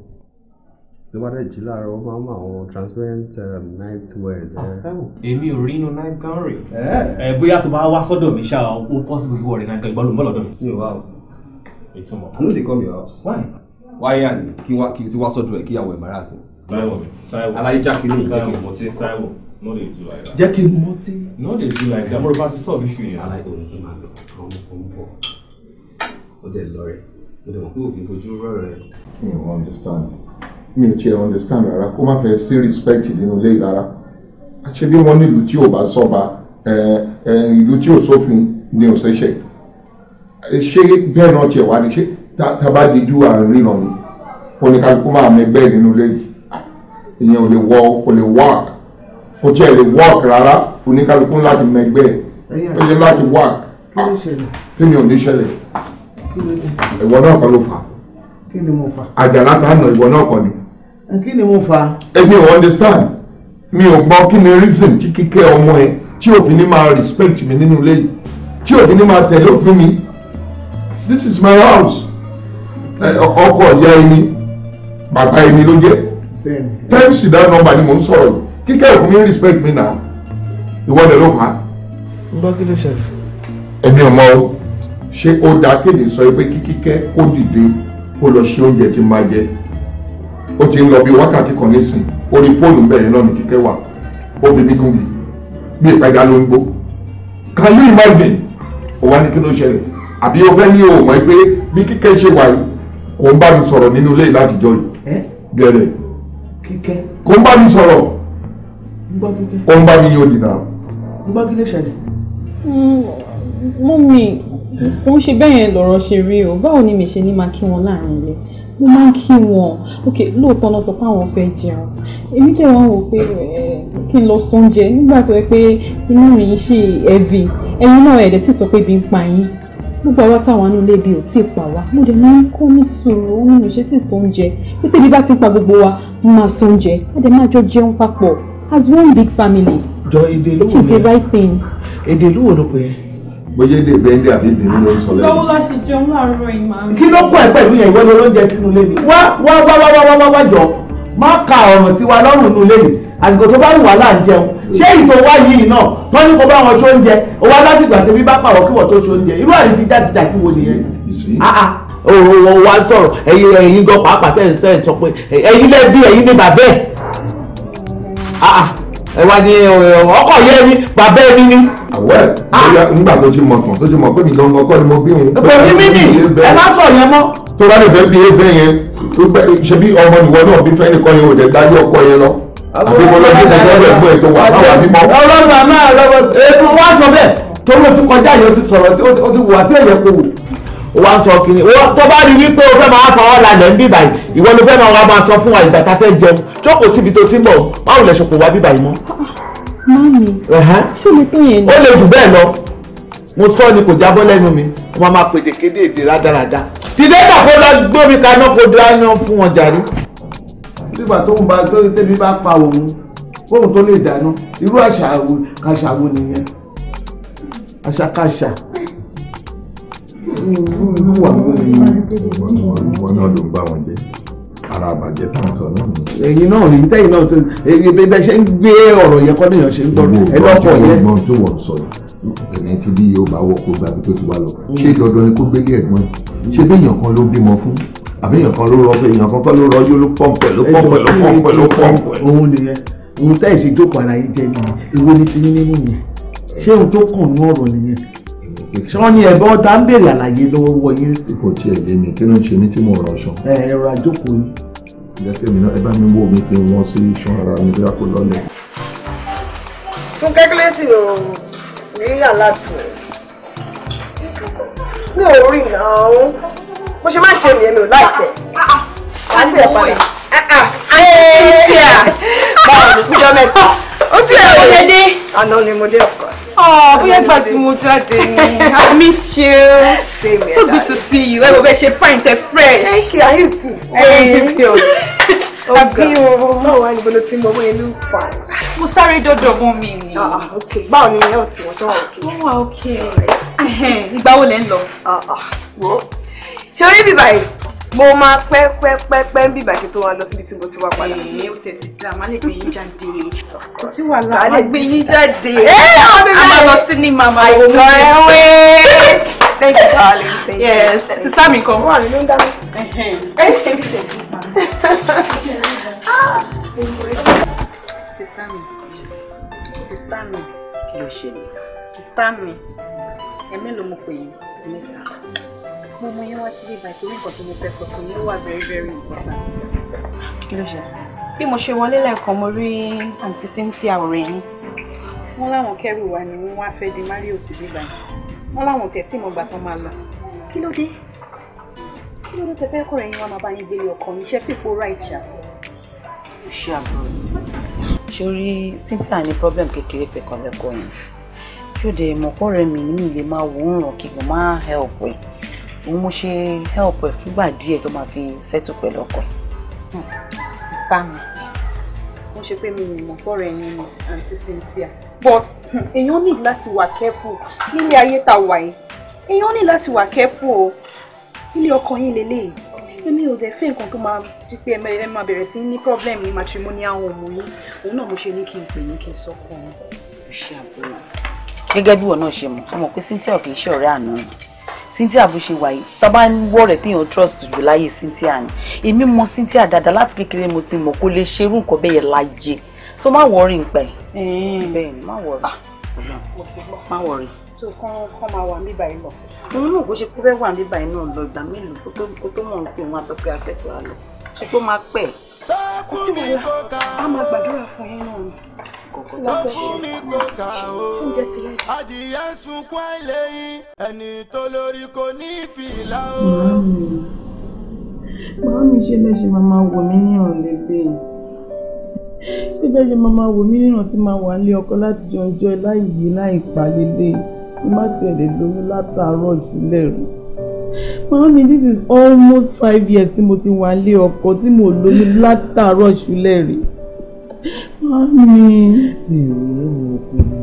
ló bá dẹ̀ jí láàárọ̀ ó máa ń mọ àwọn transparent um, night wears. Eh. Ah, èmi ò rí inú night gown rè é eh? eh, bóyá tó bá wá sọ́dọ̀ mi ṣáà ó possible kí wọ́n rí night gown ìgbọ́lù ń bọ̀ lọ́dọ̀ mi. mi ò wá o ìtumọ̀. i no dey come your house. why. wáyà ni kí wá kí ti wá sọ́dọ̀ ẹ̀ kí ìyàwó ẹ̀ máa rà sí. táíwò mi táíwò aláyé jákè ní ìjẹ́ kí n mọtí táíwò no dey do like that. jẹ́ kí n mọtí. no dey do like that mo rò bá ti sọ̀rọ̀ fífi yẹn. aláyé òun tó máa lọ àwọn ọmọ kan ń bọ̀ ó dẹ̀ lọ rẹ̀ mo mi ò understand mi ò tiẹ̀ understand rárá kó má fẹ́ sí respect nínú ilé rárá àṣẹ bí wọ́n ní ìlú tí ò bá sọ́ba ìlú tí ò sófin ni ò ṣẹ̀ṣẹ̀ ṣé bẹ́ẹ̀ náà tiẹ̀ wá ní ṣe tábà díjú àrùn ríran ni oníkálukú máa mi bẹ́ẹ̀ nínú ilé yìí ìyẹn ò lè wọ ò lè work kò tiẹ̀ lè work rárá oníkálukú láti mẹgbẹ́ ẹ̀ ó yẹ láti work kí ni ò ní ṣẹlẹ̀ ìwọ náà kọ́ ló fà. kí ni mo fà. àjàlá ta nà ìwọ náà kọ́ ni. kí ni mo fà. èmi ò understand mi ò gbọ́ kí ni reason tí kíkẹ́ ọmọ ẹ tí òfin ní máa respect mi nínú ilé yìí tí òfin ní máa tẹ̀lé òfin mi this is my house ọkọ ìyá ẹni bàbá ẹni ló jẹ́ thanks to that number ni mò ń sọ̀rọ̀ kíkẹ́ òfin mi respect mi náà ìwọ ni ló fà á. ń bá kí ló ṣẹlẹ̀. èmi ò mọ o ṣé ó dáa kéde sọ pé kíkíkẹ́ kó dìde kó lọ ṣe oúnjẹ tí máa jẹ ó ti ń lọ bí wákàtí kan nísìn orí fóònù bẹ́ẹ̀ náà ní kíkẹ́ wà ó fi gígùn mi bí ìpẹ́gà ló ń gbó can you imagine ó wá ní kí ló ṣẹlẹ̀ àbí ó fẹ́ ní o mọ̀ pé bí kíkẹ́ ṣe wà yìí kò ń bá mi sọ̀rọ̀ nínú ilé látijọ́ yìí bẹ̀rẹ̀ kò ń bá mi sọ̀rọ̀ ó ń bá mi yóò dìnnà. mo mi ó ń ṣe bẹ́ẹ̀ yẹn lọ̀rọ̀ ṣe rí o báwo ni mi ṣe ní máa kí wọn láàrin ilé mo máa ń kí wọn ok lóòótọ́ náà sọ pé àwọn fẹ́ jẹun èmi dẹ̀ wọ́n wò pé eh, kí n lọ sóúnjẹ nígbà tó yẹ pé inú mi ṣì ẹ̀bì ẹ̀yin náà ẹ̀dẹ̀ tí sọ pé bí ń pa yín gbogbo àwa táwọn anú ilé ibi ò tí ì pa wá mo dẹ̀ máa ń kọ́ ní sùúrù ní mi tí sóúnjẹ pípé bí bá ti pa gbogbo wa mo máa sóúnjẹ a dẹ̀ máa jọ jẹun papọ̀ as one big family jọ which is the right thing. èdè lówó ló pè é bóyá èdè bẹ́ndì àbí ìbínú ló ń sọ lẹ́nu. lọ́wọ́ láti jẹun láàárọ̀ ìmọ̀ àmì. kí ló pọ̀ ẹ́ pẹ̀lú yẹn ìwọ ló ló ń jẹ sínú ilé mi. wá wá wá wá wá wá wá jọ má ka ọ̀ràn sí wa lọ́rùn nínú ilé mi àsìkò tó bá wù wá là ń jẹun ṣé ìtò wá yìí náà tó ní kó bá wọn ṣó ń jẹ o wá látìgbà tẹ́bí bá pàwọ́ kí wọ́n tó ṣó ń jẹ irú àrífín jàtìjàtì wo nìyẹn òwò ah, ah. wa sọ̀rọ̀ ẹ̀yin ẹ̀yin gan pàápàá tẹ̀ ń sọ pé ẹ̀yin lẹ́bí ẹ̀yin ní bàbá ẹ̀ ah, ẹ wá ní ọkọ yẹ mi bàbá mi ni. àwẹ ah! nígbà tó ti mọ̀ tó ti mọ̀ pé mi gan gan kọ́ ni mo bí òun. èpè mi mi ni ẹ má sọ yẹn mọ́. tó bá lè fẹ́ bí ebè yẹn ṣebí ọmọ ìwọ náà bí fẹ́ẹ́ nìkan yẹn ò dẹ̀ gbájú ọkọ yẹn lọ àbíkọ lọ́jọ́ ìdájọ́ ẹ̀gbọ́n ètò wà láwọn àbímọ. ọlọ́run àmọ́ àlọ́ ètò wá sọ bẹ́ẹ̀ ó wá ń sọ kínní ó tó bá rí wípé o fẹ́ máa fọwọ́ lálẹ́ ń bí báyìí ìwọ ló fẹ́ máa wá máa sọ fún wa ìgbà tá a fẹ́ jẹun jókòó síbi tó ti ń bọ̀ báwo lẹ ṣokò wá bí báyìí mọ́. mami ṣé mi tó yẹn ni. ó lè jù bẹ́ẹ̀ lọ mo sọ ni kò jábọ́ lẹ́nu mi wọ́n máa pèdè kéde èdè rádaràda dìde náà kó lọ gbé mi kaná kó dáná fún wọn jàre. nígbà tó ń bá tó tẹ́mi bá pa òun fóun tó lè dáná irú àṣà àṣà wo nìyẹn àṣàkáṣà wà lórí wọn náà ló ń bá wọn dé ara àbàjẹ́ tá à ń sọ náà ni. ẹ̀yin náà rí tẹ̀yin náà tó ẹ̀yin bẹbẹ ṣe ń gbé ọ̀rọ̀ yẹn kọ́ níyàn ṣe ń gbọ́dọ̀ ẹlọpọ yẹn. gbogbo ọgbọ́n tó wọ̀ sọ ẹ̀yìn tí bí yóò bá wọ̀ kó gba ibi tó ti wá lọ ṣé dandan ni kó gbélé ẹ̀gbọ́n ṣé béèyàn kan ló bímọ fún àbẹ́yàn kan ló rọ èèyàn kan kan ló rọjú ló pọ̀npẹ̀ ló pọ̀npẹ̀ ló pọ̀npẹ̀ ló pọ̀npẹ̀. òun nìyẹn òun tẹ́ ìṣèjókòó ara yìí jẹ nìyẹn ìwé ni ti ní nínú yẹn ṣé òun tó kàn ní ọ̀rọ̀ nìyẹn ṣé wọ́n ní ẹ̀bẹ̀ ọ̀tá ń béèrè àlàyé lọ́wọ́ yín sí. kò tiẹ̀ yé mi kí ló ń ṣe mí tí mò ń rọṣọ. ẹ ẹ ra jókòó yín. ìyá kẹ́mi náà ẹ bá mi wò mí pé wọ́n sí iṣan ara mi bí a kò lọ́lẹ̀. fún kékeré sì ò rí àlàtì mi ò rí àwọn mo ṣe má ṣe nìyẹn mi ò láìpẹ́ wà gbé ẹ̀ padà. báwo ni kújọ́ mẹ́ta ojú ẹ ò lè dé. àná ni mo of course. Oh, bóyá ìgbà tí mo jáde I miss you. so good to see you. ẹ wo bẹ ṣe fine fresh. thank you Are you too. ẹ ẹ àbí o. báwo wá ní bolo tí mo wé inú fa. mo sáré dọ́dọ̀ mọ́ mi ni. Ah, ah, báwo ni ẹ ò tí wọ́n tán òkè. wọ́n wà òkè. ìgbà wo lẹ ń lọ. wo ṣe orí bíbá yìí mo máa pẹ́ pẹ́ pẹ́ pẹ́ ń bìbà kí tó wọn lọ síbi tí mo ti wá padà. ẹ ó tiẹ̀ ti dá a máa lè gbé yín jáde kò sí wàhálà a máa gbé yín jáde a máa lọ sí ní màmá ìwọ mi. àìkọ́ ẹwẹ́ thank you darling thank you. yes sista mi kan. wà nínú dáná. ẹ ṣe bí tẹ̀ ti pa. sista mi sista mi kí ló ṣe ni sista mi ẹ̀mí ló mọ̀ pé yín mẹ́ta mo mú yín wá sí bíbá ìtorí nǹkan tí mo fẹ́ sọ fún yín wà very very important. kí ló ṣe. bí mo ṣe wọlé lẹ́ẹ̀kan mo rí àǹtí Cynthia ọ̀rẹ́ yín. wọ́n láwọn kẹ́rù wa ni wọ́n wá fẹ́ di Mario sí bíbá yìí wọ́n láwọn tẹ̀ tí mo gbà tán máa lọ. kí ló dé kí ló dé tẹ fẹ́ kọ̀rọ̀ yín wá máa bá yín gbélé ọkọ mi ṣe fipò right ṣá. O ṣe àbúrò sórí Cynthia ní problem kékeré pẹ̀kan lẹ́kọ̀ọ́ yẹn ṣó de mọ̀kọ́ rẹ̀ mi ní ilé máa wò ó ràn kí n máa help ẹ̀ òun mo ṣe help ẹ fúgbà díẹ̀ tó máa fi settle pẹ̀lú ọkọ ẹ. Hmm. sista mi mo ṣe pé mi ò mọ̀ bọ́rọ̀ ẹ̀yin ni àǹtí Cynthia but hmm, èèyàn ní láti wà careful nílé ayé tá wà yìí èèyàn ní láti wà careful o ilé ọkọ yín lélẹ́yìí èmi ò dẹ̀ fẹ́ nǹkan tó máa di pé ẹ máa bẹ̀rẹ̀ sí ní problem ní matrimonial home yín òun náà mo ṣe ní kí n pè yín kí n sọ fún un. gẹ́gẹ́ bí wọn náà ṣe mọ̀ ọmọ pé Cynthia kì í ṣe ọ̀rẹ́ àná Cynthia bó ṣe wà yìí tá a bá ń wọ̀ rẹ̀ téèyàn trust jù láyé Cynthia ni èmi mọ Cynthia dáadáa láti kékeré mo ti mọ̀ kó lè ṣerú nǹkan bẹ́ẹ̀ yẹn láyé so má wọrí nípa ẹ̀. bẹ́ẹ̀ ni má wọrí ah, má wọrí. so kán kán máa wà níbà yìí lọ. òun náà bó ṣe kó fẹ́ wà níbà yìí náà lọ ìgbà mélòó kó tó mọ̀ ń fi òun àtọ́kẹ́ àṣẹ tó wà lọ ṣe pé ó máa pẹ́ kò sí wàhálà a máa gbàdúrà fún yín náà ni ṣe oúnjẹ máa wò mí níran lébè bẹ́ẹ̀ ṣe máa wò mí níran tí máa wà lé ọkọ láti jọ ọjọ́ láì yí láì pa lélẹ̀ má tiẹ̀ lè lóyún látàárọ̀ ìṣúlẹ̀ rẹ̀. Mami, this is almost five years since mo ti wà lé ọkọ tí mo lóyún látàárọ̀ ṣúlẹ̀ Mami. Mi ò wẹ́rùn ọkọ mi.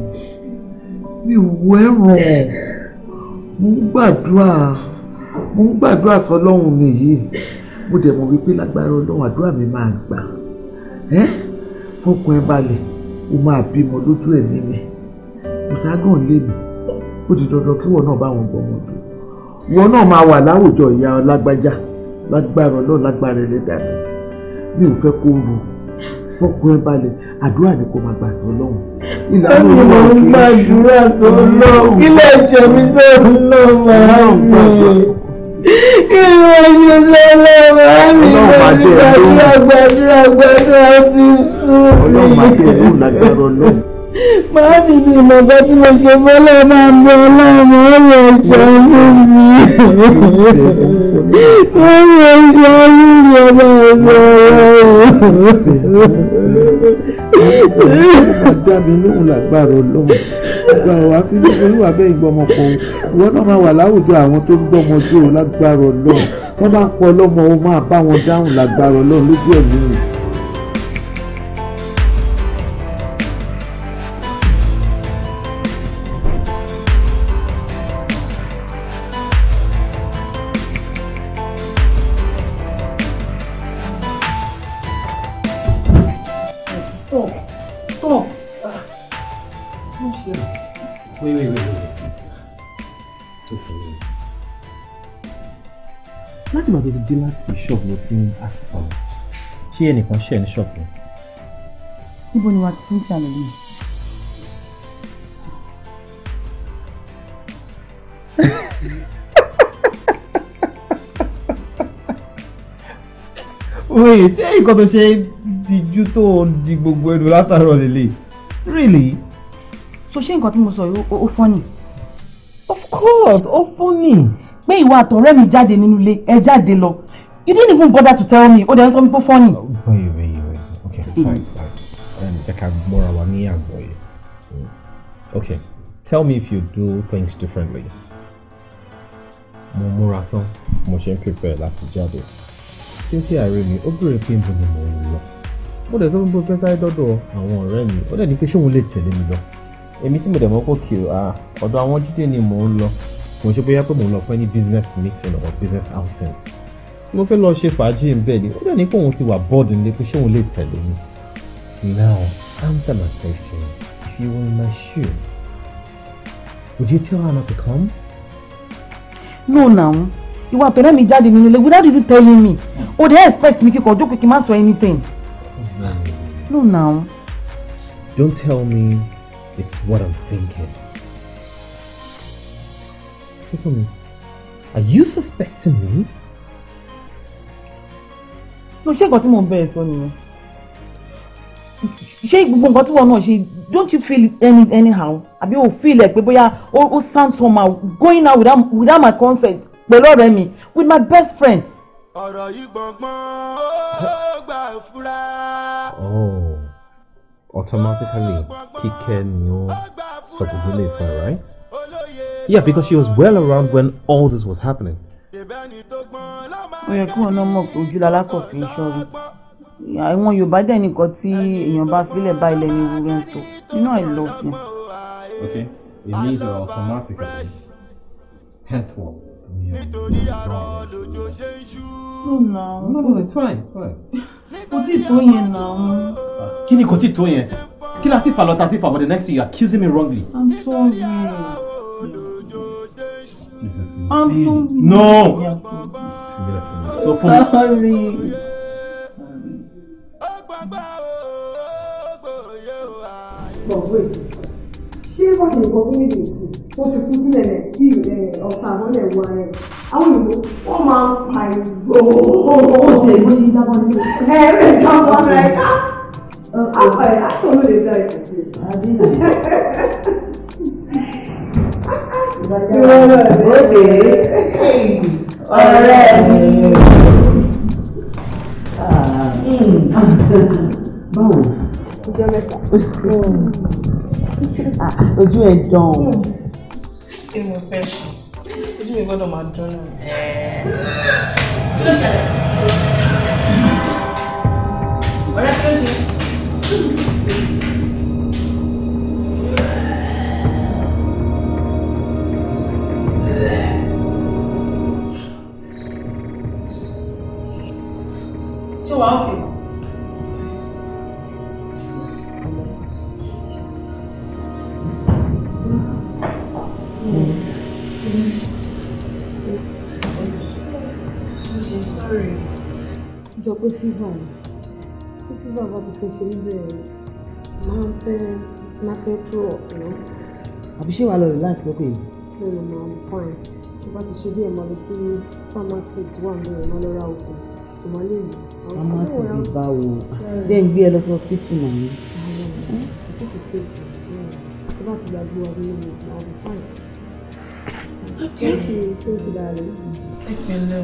Mi ò wẹ́rùn ẹ̀. Mo ń gbàdúrà. Mo ń gbàdúrà sọlọ́run nìyí. Mo dẹ̀ mọ̀ wípé lágbára ọlọ́run àdúrà mi máa gbà. Fọkàn ẹ balẹ̀, o máa bímọ lójú ẹ̀mí mi. Kò ságàn lé mi. Ó di dandan kí wọ́n náà bá wọn gbọ́ ọmọ ìwọ náà máa wà láwùjọ ìyá lágbájá lágbára náà lágbára ẹni dàbí mi ò fẹ́ kó ro fọkàn ẹ balẹ̀ àdúrà ni kò máa gbà sí ọlọ́run. ìlànà ìlànà kì í gbàdúrà sí ọlọ́run ilé ẹ̀jẹ̀ mi sí ọlọ́run máa ń mi kí ni wọ́n ṣe sọ́lọ́ máa ń mi lọ́sí gbàdúrà gbàdúrà gbàdúrà ti sùn mí. ọlọ́run máa jẹ́ ìlú lágbára ọlọ́run máa ní ní ìmọ̀gbọ́n tí mo ṣe fọ́lọ́ máa ń bẹ ọlọ́run ọ̀rọ̀ ìṣẹ́ fún ọ̀rọ̀ ìṣẹ́ fún mi ọba ọba ọ̀rọ̀. dábì gba ọ̀wá fi ní olúwa bẹ́ẹ̀ ìgbọ́mọkọ ìwọ náà máa wà láwùjọ àwọn tó ń gbọ́mọ jó lágbára ọlọ́run wọ́n bá ń pọ̀ ọlọ́mọ ó máa bá wọn dáhùn lágbára ọlọ́run lójú ẹ̀mí mi. dé láti ṣọ́ọ̀bù ló ti ń act out ṣé ẹnìkan ṣe ní ṣọ́ọ̀bù yẹn. níbo ni wà á ti cynthia lọ yìí. wait ṣé nǹkan tó ṣe dijú tó di gbogbo ẹnu látàárọ̀ lélẹ̀ really. so ṣé nǹkan tí mo sọ yìí ó fọ́ of course ó fọ́ ni pé ìwà àtọ̀rẹ́ mi jáde nínú ilé ẹ jáde lọ you didn't even bother to tell me ó dẹ̀ ń sọ mi pé fọ́ọ̀nì. wait wait okay fine fine jẹ́ ká gbọ́ra wa ní àgbọ̀ yìí okay tell me if you do things differently mo múra tán mo ṣe ń prepare láti jáde Cynthia Irene ó béèrè pé mo ni mo ń lọ mo dẹ̀ sọ fún pé sáré dọ́dọ̀ àwọn ọ̀rẹ́ mi ó dẹ̀ ní pé ṣé òun lè tẹ̀lé mi lọ èmi tí mo dẹ̀ mọ́ pé kì í ah, ọ̀dọ̀ àwọn jíde ni mò ń lọ kò ń ṣe bóyá pé mò ń lọ fún any business meeting or business outing mo fẹ́ lọ ṣe fàájì ń bẹ̀ ni ó dẹ̀ ní pé òun ti wà bored nílé pé ṣé òun lè tẹ̀lé mi. now answer my question if you were in my shoe would you tell her not to come. no now ìwà pẹ̀lẹ́ mi jáde nínú ilé without you telling me o dey expect me kíkọ ojú kìkì má sọ anything. no now. don't tell me it's what i'm thinking trickle me. Are you suspecting me? No, she got him on base bẹ̀rẹ̀ sọ nìyẹn? Ṣé gbogbo nǹkan tí wọ́n don't you feel any anyhow? I o feel ẹ̀ pé bóyá o sound somehow going out without, without my consent pẹ̀lú ọ̀rẹ́ mi with my best friend. Oh, automatically kíkẹ́ ni ó sọ right? Yeah, because she was well around when all this was happening. ó yẹ kí wọn náà mọ̀ pé ojú lalákọ̀ fi ń ṣọ́rí àwọn yorùbá dẹ̀ nìkan tí èèyàn bá filẹ̀ bá ilẹ̀ ní wúrẹ́ ń tó you know I love you. Okay, it means that automatically henceforth you are wrong. no na no no it's fine it's fine. kò tí tó yẹn na o. kí ni kò tí tó yẹn kí la ti fà lọ́ta ti fà but the next thing you are accusing me wrongly. I'm sorry please. No. Yeah, please. So for sorry. But wait, ṣé wọ́n ṣe nǹkan fún níbi ìsìn wọ́n ti kú sílẹ̀ rẹ̀ bí ọ̀sán àbọ̀lẹ̀ wọ ara ẹ̀ àwọn ìlú wọ́n máa ń pa ìgbòho ọ̀tẹ̀ ìwé yìí dábọ̀ nílẹ̀. Ẹ ẹ lè jọ ọmọ rẹ̀ ká. Àpọ̀ ẹ̀ àtọ̀ ló lè dá ìsìn lóde ọ̀rẹ́ mi. báwo. ọjọ́ mẹ́ta. ojú ẹ̀ dán. kí ni mo fẹ́ ṣe ojú mi gbọ́dọ̀ máa dán náà. kí ló ṣẹlẹ̀? ọ̀rẹ́ kí ló ṣe? ṣé wàá kù. jọ pé fífà ni tí fífà bá ti fẹ́ ṣe níbẹ̀ máa ń fẹ́ máa fẹ́ pro ọ̀pẹ̀ náà. àbí ṣé wàá lọ relax lókè yìí kí ni mo fine tó bá ti ṣe díẹ̀ mo lọ sí pharmacy tó wà ní ìrìnà lọ́ra ògùn sùmọ́lẹ̀ yìí. pharmacy bí báwo jẹ́ ń gbé ẹ lọ sí hospital náà ni. àkókò stage tó bá ti gbàgbé wa ní ìlú ìlú am fine. thank you thank you darling. ẹ pẹ̀lẹ́ o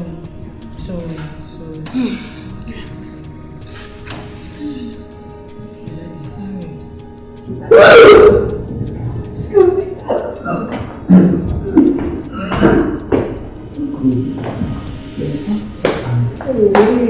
sorry hmm. sorry.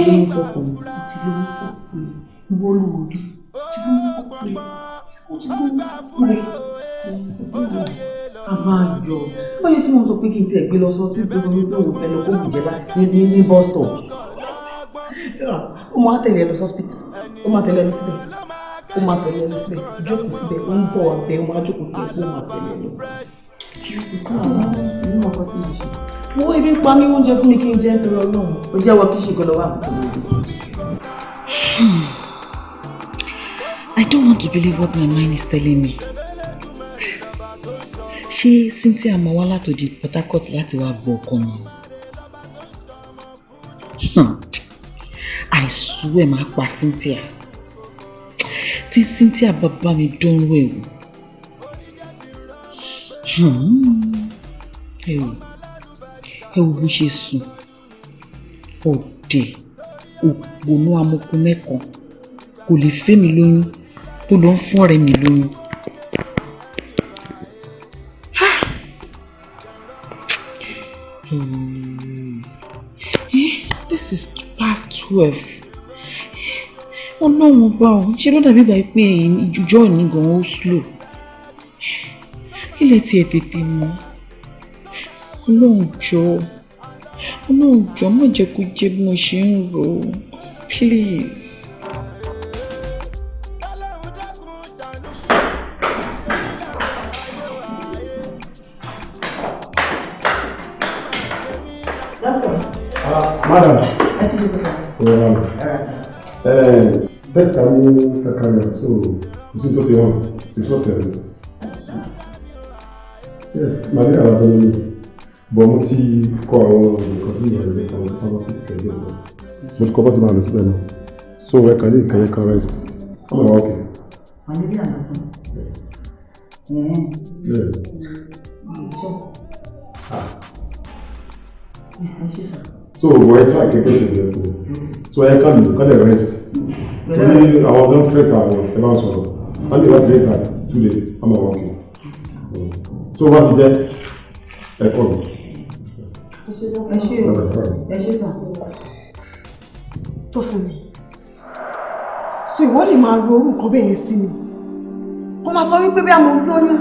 ẹni fọkàn mi kò ti lówó tó pé ìwọ ló rí tí wọn pé ó ti lówó pé kò sí ìwọ àbájọ báyìí tí wọn sọ pé kí n tẹ gbé lọ sọsí pé wọn pé òun fẹ́ lọ kó bùjẹ bá ní ní bus ó máa tẹ̀lé ẹ lọ sọ́spítì ó máa tẹ̀lé ẹ lọ síbẹ̀ ó máa tẹ̀lé ẹ lọ síbẹ̀ jókòó síbẹ̀ ó ń bọ̀ ọ̀bẹ ó máa jókòó tí ó máa tẹ̀lé ẹ lọ. Owó ibi ń pa mí oúnjẹ fún mi kí n jẹ́ nítorí Ọlọ́run. Ó jẹ́ wọ kí ṣe gbọ́dọ̀ mi. Hmm. I don't want to believe what my mind is telling me. Ṣé Cynthia máa wá látòdì Port Harcourt láti wá gbọ́ ọkọ mi? Hmm. I swear, máa pa Cynthia. Tí Cynthia bá bá mi dánwó ẹ̀wò. Hmm. ẹ wò ẹ wò bó ṣe sùn ọ̀dẹ̀ òpònú amoko mẹ́kan kò lè fẹ́ mi lóyún tó lọ ń fún ọ̀rẹ́ mi lóyún. Ah! Hmm. Eh, this is past twelve ọlọ́run ọba ò ṣe ló dàbí ìgbà pé ìjọ ní gan-an ó slow kí lè tiẹ̀ tètè mọ́ ọlọ́run jọ ọlọ́run jọ má jẹ́ kó jẹ́ bí mo ṣe ń rò ó please. Madam. Bẹ́ẹ̀ sáré kankan rẹ̀ so kò sí tó ṣe hàn kò sí tó ṣe hàn. Yes, Maria was on me. But mo ti kọ àwọn nǹkan sí ìyàrá rẹ̀ àwọn tí wọ́n fi tẹ̀lé ọ̀dọ́. Mo ti kọ́ bọ́sì máa lọ síbẹ̀ náà. So ẹ kàn lè kàn yẹ kan rest. Ọmọ wa òkè. Màlẹ́bí àlàsán. Bẹ́ẹ̀. So wọ́n ẹ tún àkẹ́kẹ́ ṣẹlẹ̀ fún mi. So ẹ kàn lè kàn lè rest. Wọ́n ní àwọn ọ̀dọ́ stress àwọn ẹ bá ń sọ̀rọ̀. Wọ́n lè wá stress at two days. Ọmọ wa òkè tó bá ti jẹ́ ẹ̀kọ́ mi. ẹ ṣe ẹ ṣe sà tó fún mi so ìwọ lè máa ro orú nǹkan bẹ́ẹ̀ yẹn sí mi kó máa sọ wípé bí a mọ̀ lóyún.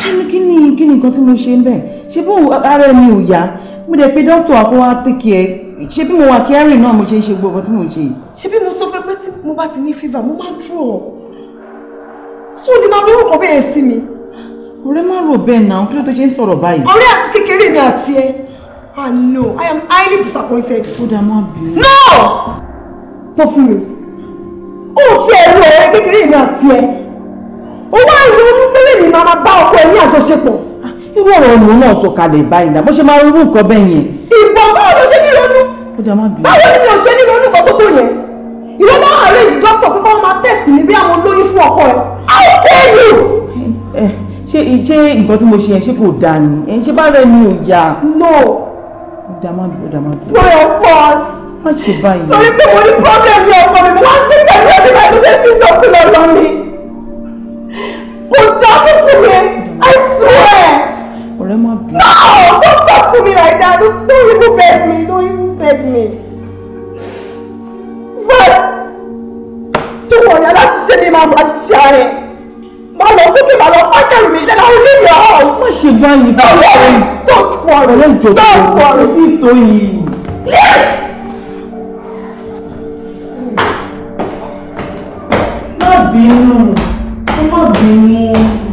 kí ni kí ni kí ni nǹkan tí mo ṣe ń bẹ̀ ṣé bí ara ẹni ò yá mo dẹ̀ pé dókítà kó wá tèkì ẹ ṣé bí mo wà kẹrin náà mo ṣe ń ṣe gbogbo tí mo ń ṣe yìí. ṣé bí mo sọ fẹ́ pé tí mo bá ti ní fífà mo máa dúró so lè máa ro orú nǹkan bẹ́ẹ̀ yẹn sí mi ọ̀rẹ́ má rò bẹ́ẹ̀ náà kí ló tó ṣe ń sọ̀rọ̀ báyìí. ọ̀rẹ́ àti kékeré mi àti ẹ ah no i am highly disappointed. ó dá má bí. no sọ fún mi ó ti ẹ rí ọ̀rẹ́ kékeré mi àti ẹ ó wá ìlú ọdún péré mi máa bá ọkọ ẹ ní àjọṣepọ̀. irú ọ̀rọ̀ òun náà sọ kalẹ̀ báyìí náà bó ṣe máa ń rú nǹkan bẹ́ẹ̀ yẹn. ìgbà báwo ló ṣe nílòónú. ó dá má bí. báwo ni mi ò ṣe nílòónú kan tó tó yẹn ìwọ bá wà lóyún dókítà pé kọ́ máa tẹ̀sí mi bí àwọn olóyún fún ọkọ ẹ. i will tell you ṣé ṣé nǹkan tí mo ṣe yẹn ṣé kò dáa ni ẹ̀ ń ṣe bá rẹ̀ mi ò yá. no. ó dá máa bí ó dá máa bí. for your fault. má ṣe báyìí. torí pé mo ní problem ní ọkọ mi mo wá ń gbé pẹ̀lú ẹbí báyìí mo ṣe fi ń lọ lọ mi. kò dáàbò fún mi I swear. ọ̀rẹ́ má bí. no don't talk to me like that don't even beg me don't even beg me. but tí wọn ní aláṣẹ ni màmá ti ṣe àárẹ̀ máa lọ sókè máa lọ pákẹ́rù mi then I will leave your house. má ṣe gbá yìí tó yìí don't worry don't worry don't worry bí tó yìí. má bínú má bínú.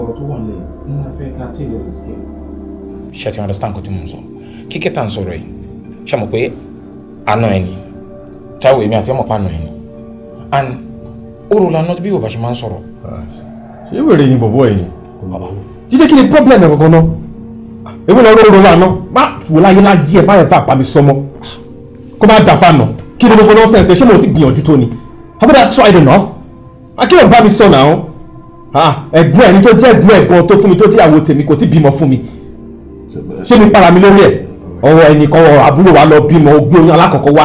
ọ̀rọ̀ tó wà lẹ̀ mo máa fẹ́ ká tẹ̀lé ọ̀rọ̀ tẹ̀. ṣé ti understand nǹkan tí mo ń sọ kíkẹ́ tá à ń sọ̀rọ̀ yìí ṣe mọ̀ pé àna ẹ̀ ni táwọn èmi àti ọmọ pa àna ẹ̀ ni and oru lana bí yorùbá ṣe máa ń sọ̀rọ̀. ṣé wèrè ni bọ̀bọ̀ yìí jíjẹ́ kí ni problem ẹ̀ gangan náà èmi lọ rọrùn lánàá má tù láyé láyé ẹ̀ má yẹ tá àpá mi sọmọ kó má dàfa nà kí ni gbogbo nọ́ọ̀sẹ̀ ṣe ṣé mo ti gbìyànjú tó ni have I tried enough? akínyàn bá mi sọ náà. Ah, ẹ̀gbọ́n ẹni tó jẹ́ ẹ̀gbọ́n ẹ̀gbọ́n tó fún mi tó jẹ́ ìyàwó tèmi kò tí bímọ fún mi ṣé mi para mi lórí ẹ̀ ọ̀rọ̀ ẹnìkan ọ̀rọ̀ àbúrò wa lọ bímọ ó gbé oyún alákọ̀ọ́kọ́ wá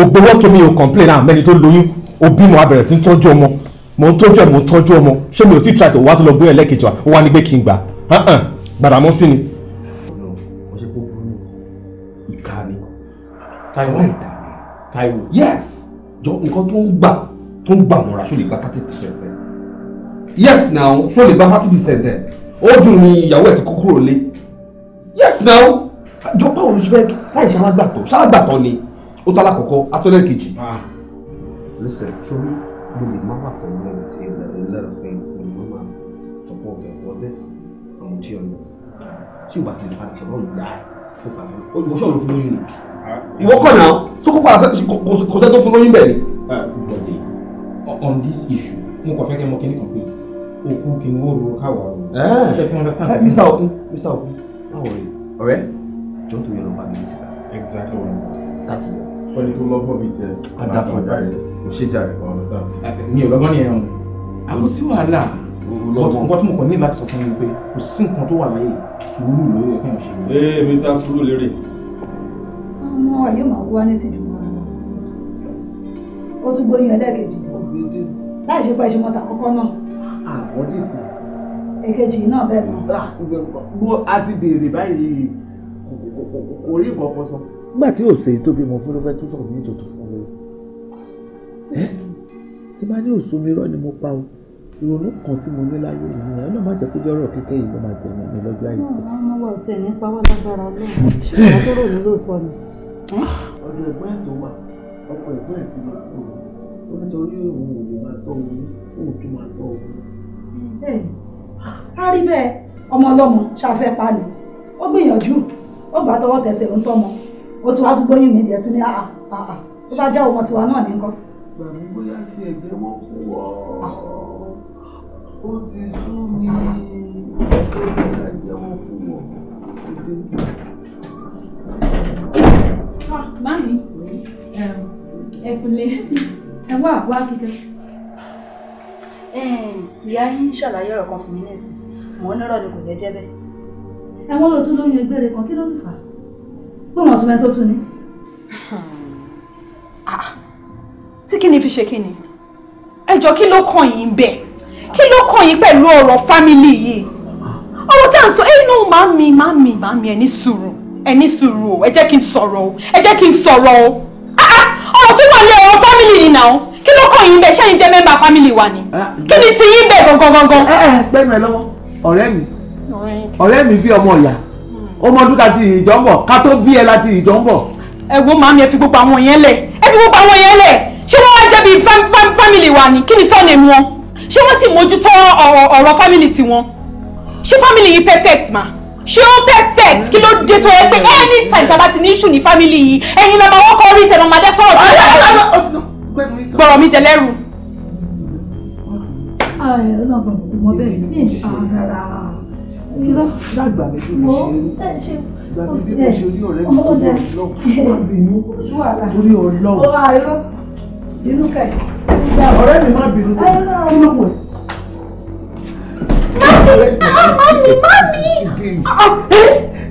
ó gbé wọ́n tómi ò complain náà mẹ́ni tó lóyún ó bímọ a sí tọ́jú ọmọ mo ń tọ́jú ẹ̀ mo ń tọ́jú ọmọ ṣé mi ò tí ì tíráàkì wá tó lọ gbé ẹlẹ́kejì wa ó wá ní gbé kí n gbà gbàdámọ́ sí ni. yes jọ nǹkan tó ń gbà tó ń gbà mọ́ra yes now ṣó lè bá fatibu sẹ̀tẹ̀ ó dùn ní ìyàwó ẹ̀ ti kó kúrò lé yes now jọ báwo ló ṣe fẹ́ láì ṣalágbàtọ̀ ṣalágbàtọ̀ ni ó tọ́ alákọ̀ọ́kọ́ atọ́lẹ̀ kejì. Ah. listen sori mo lè má wà pẹ̀lú ẹ̀rọ tí ilẹ̀ ilẹ̀ ọ̀gbìn tí mo máa support ọ̀gbìn for this àwọn tí ọ̀nà tí o bá ti lè padà sọ̀rọ̀ ìgbà tó padà ó ìwọ ṣọ́ọ̀lù fún lóyún ni ah. ìwọ kọ̀ náà tó kó padà kò sẹ́ tó fún lóyún bẹ́ẹ̀ ni. Ah, on this issue mo kàn fẹ́ kẹ́ mọ kíní kan pé òkú kí n ó ro káwa o. ṣe ti understand. mr okun mr okun báwo ni ọ̀rẹ́ jọ tó yẹ lọ bá mi ní síta. exactly one thirty years. fọlí tó lọ́gbọ̀n bíi tiẹ̀. adáfọ̀ jàre kò ṣe jàre kò understand. mi ò lọ́gbọ́n nìyẹn o àmọ́ sí wàhálà nǹkan tí mo kàn ní láti sọ fún mi pé kò sí nǹkan tó wà láyé sùúrù lórí ẹ̀ kéèyàn ṣe. ee eh, mr sùúrù lérè. ọmọ yóò máa wá ní tìjú mọ́ ọ ó tún gbóyún ẹlẹ́ẹ̀kejì láì ṣe pé ṣe mọ́ta àkọ́kọ́ náà àkọ́dísì. èkejì náà bẹ́ẹ̀ mọ́. a ti béèrè báyìí kò rí nǹkan kan sọ. nígbà tí ò ṣe èyí tó bímọ fún ló fẹ́ tún sọ̀rọ̀ ní ìtòtò fún mi. ẹ ti máa ní òṣùnmi irọ́ ni mo pa o ìrònú kan tí mo ní láyé ìyẹn náà má jẹ́ kó jọ́rọ̀ kékeré yìí ló máa jẹ mí lọ́jọ́ àìkú. ọ̀hún ọmọ wa ò tiẹ̀ ní pawọ́ lágbára ọlọ́run ṣùgbọ́n tó rò ní lóòótọ́ ni. ọ̀dọ̀ ẹ̀gbọ́n ẹ̀ tó wà ọkọ̀ ẹ̀gbọ́n ẹ̀ ti lọ o nítorí òun ò lè máa tọ́ òun òun tó máa tọ́ òun a rí bẹ́ẹ̀ ọmọ ọlọ́mọ ṣàfẹ́ pani ó gbìyànjú ó gbà tọwọ́ tẹsẹ̀ ń tọ́mọ ó ti wá tún gbóyún mi díẹ̀ tún ní àà ah, àà ah, ah, tó bá jẹ́ ọmọ tiwa náà ní nǹkan. gbàgbé bóyá tí ẹgbẹ́ wọn kú ọ ó ti sú mi ó ti ẹgbẹ́ fún wọn. Mami, ẹ kúlé, ẹ wá àbúrò akíkẹ́ ìyá yín ṣàlàyé ọ̀rọ̀ kan fún mi nísìn mò ń lọ́rọ̀ ni kò fẹ́ jẹ́ bẹ́ẹ̀. ẹ̀wọ́n ló tún lóyún egbére kan kí ló tún fà á pé wọ́n tún mẹ́tò tún ni. Hmm. Ah. tí kí ni fi ṣe kí ni ẹjọ́ kí ló kàn yín bẹ́ẹ̀ kí ló kàn yín pẹ̀lú ọ̀rọ̀ fámìlì yìí ọ̀rọ̀ tá à ń sọ ẹ̀yin eh, náà máa mi máa mi máa mi ẹ ní sùúrù ẹ ní sùúrù o ẹ jẹ́ kí n sọ̀rọ̀ o ẹ jẹ́ kí n sọ̀rọ̀ o ah, ah, ọ̀rọ̀ tó wà ní ọ̀rọ̀ fámìlì nìyàwó kí ló kàn yín bẹ́ẹ̀ ṣẹ́yìn jẹ́ mẹ́mbà fámìlì wa ni kí ni ti yín bẹ́ẹ̀ gangan gangan. ẹ ẹ gbẹ́nu ẹ lọ́wọ́ ọ̀rẹ́ mi ọ̀rẹ́ mi bí ọmọ ọ̀yà ọmọ ọdún láti ìjọ ń bọ̀ ká tó bí ẹ láti ìjọ ń bọ̀. ẹ wo màmí ẹ fi gbogbo àwọn yẹn lẹ̀ ẹ fi gbogbo àwọn yẹn lẹ̀ ṣé wọ́n wá jẹ́bi fámìlì wa ni kí ni sọ́ọ̀nì mu wọn ṣé wọ́n ti mójútó ọ̀rọ̀ fámìlì tiwọn ṣé fámìlì yìí perfect ma ṣé ó perfect kí ló dé tó yẹ pé anytime tá a bá ti ní issue ní fámìlì yìí ẹ̀yin lọ́mọ wọ́n kọ́ rí tẹ̀ lọ́mọdé sọ̀rọ̀ tó yẹ gbọ́rọ̀ mi tẹ̀lẹ́rù. ọ̀rẹ́ mi má bínú kí ló wẹ̀. mami mami mami.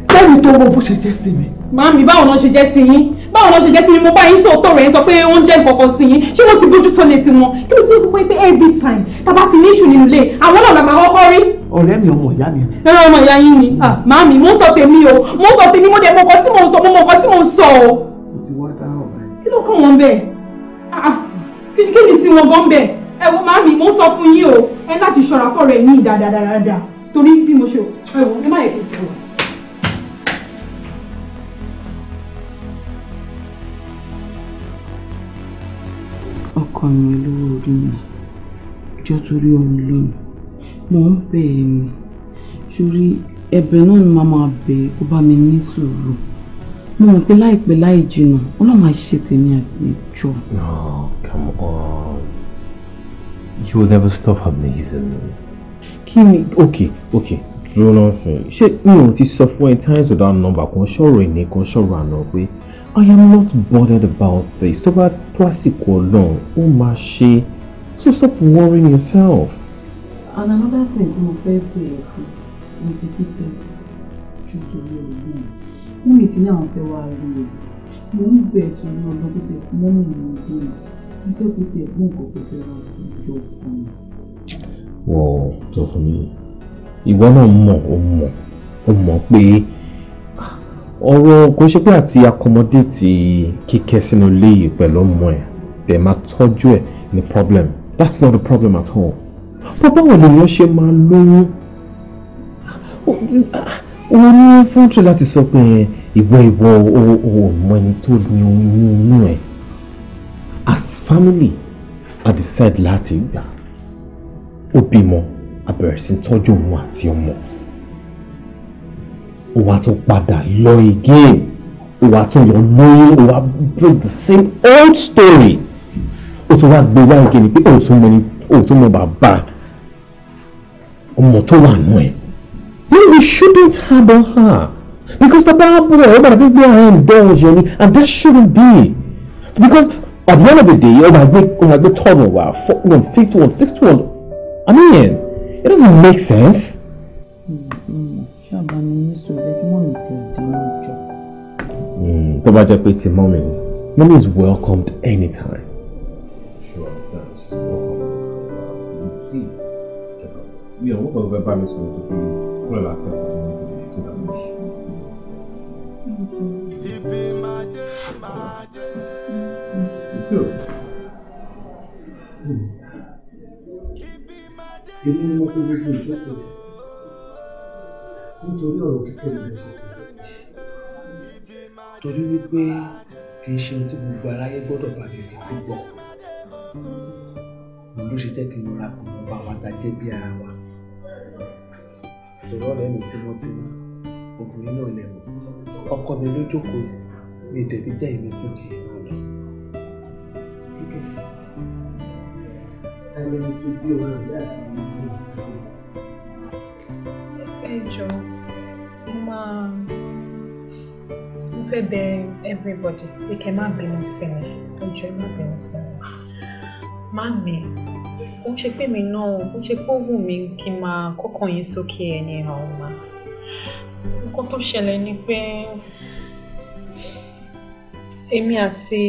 bẹ́ẹ̀ni tó wọ bó ṣe jẹ́ sí mi. Màámi báwo náà ṣe jẹ́ sí yín? Báwo náà ṣe jẹ́ sí yín? Mo bá yín sọ̀tọ̀ rẹ̀ ń sọ pé oúnjẹ kankan sí yín. Ṣé wọ́n ti bójú tó létí wọn? Kí ló dé tó pé every time tàbá ti ní ìṣù nínú ilé àwọn náà la máa kọ́kọ́ rí. Ọ̀rẹ́ mi ọmọ ìyá mi ni. Ẹ̀rọ ọmọ ìyá yín ni. Hmm. Ah, màámi mo ń sọ tèmi o. Mo ń sọ tèmi mo dẹ̀ mọ̀kọ́ tí mo ń sọ mo mọ̀kọ́ tí mo sọ o. Kí ló kàn wọ́n bẹ́ẹ̀? Ah, ah, kí ni tí wọ́n gan bẹ́ẹ̀? Ẹ wo màámi mo ń sọ fún yín o. Ẹ láti ṣọ̀ràkọ̀ rẹ̀ yín dáadáa torí bí mo ṣe ẹ wò ó ẹ má yẹ kọrin olówó mi jọ torí Ọlọ́run mò ń bẹ̀ ẹ́ mi torí ẹ̀bẹ̀ náà ni màá máa bẹ̀ kó bá mi ní sùúrù mo mọ̀ pé láìpẹ́ láì jìnnà Ọlọ́run á ṣe tèmi àti ìjọ. Oh, come on you will never stop amazing me. kí ni. ok ok dúró náà sìn ṣé mi ò ti sọ fún ẹ times without number kan ṣọ̀rọ̀ ìní kan ṣọ̀rọ̀ àná pé. I am not bothered about this. Tó bá tó àsìkò ọlọ́run, ó máa ṣe. So stop worrying yourself. And another thing tí mo fẹ́ bèrè fún mi ti pípẹ́ ju torí ọ̀gbìn. Mú mi ti ní àwọn fẹ́ wá rí o. Mo ń bẹ̀ torí ọlọ́run tó ti fún mọ́mì mi dé. Mo fẹ́ kó tiẹ̀ gbọ́n nǹkan tó fẹ́ wá sí ìjọ kan. Wọ́ọ̀ tó fún mi. Ìwọ náà mọ̀ ó mọ̀ ó mọ̀ pé ọ̀rọ̀ kò ṣe pé àti accommodate kíkẹ́ sínú ilé yìí pẹ̀lú ọmọ ẹ̀ dẹ̀ máa tọ́jú ẹ̀ ní problem that's not the problem at all bọ́ báwo lèèyàn ṣe máa lóyún o ní fúntì láti sọ pé ìwọ ìwọ ọmọ ẹni tó ní oyún inú ẹ as family I decide láti gbà ó bímọ a bẹ̀rẹ̀ sí tọ́jú òun àti ọmọ ó wá tún padà lọ again ó wá tún lọ lóyún ó wá bring the same old story ó tún wá gbé wá again pé ó tún mọ ni ó tún mọ bàbá ọmọ tó wà nù ẹ you we shouldn't harbour her because the bible ẹ ọba àbí gbé àwọn indulge ni and that shouldn't be because at the end of the day ọba àgbẹ ọba àgbẹ tọdún wa four one fifty one sixty one i mean it doesn't make sense. ṣàbàmì ní sọ tó bá jẹ́ pé ti mọ́ mi ni mommy is welcomed anytime. sure understand she's welcome please get up mi ò wọ́n kọ́ ló fẹ́ bá mi sọ̀rọ̀ tó fi kúrò láti ẹ̀kọ́ tó ní ìpínlẹ̀ tó dàgbà oṣù títí. ibi máa dé máa dé. èmi ni mo kó gbé fún ìjọba nítorí ọ̀rọ̀ kékeré lẹ́sẹ̀ torí wípé kì í ṣe ohun tí gbogbo aráyé gbọ́dọ̀ bá mi fetí gbọ́ mo ló ṣe jẹ́ kí n rọra kó mo bá wa dájẹ́ bí ara wa tòrọ́ rẹ̀ mi tímọ́tímọ́ obìnrin náà lẹ̀ mọ́ ọkọ mi ló jókòó ní ìdẹ̀bí jẹ́ ìlú tó di ìlú rẹ̀. ẹni ẹ jọ mo máa fẹ́ bẹ everybody pé kẹ́ má bínú sí mi ọjọ́ má bínú sí mi má mi ó ṣe pé mi náà ó ṣe pé ó wù mí kí n máa kọ́kàn yín sókè ẹni àwọn máa nǹkan tó ṣẹlẹ̀ ni pé èmi àti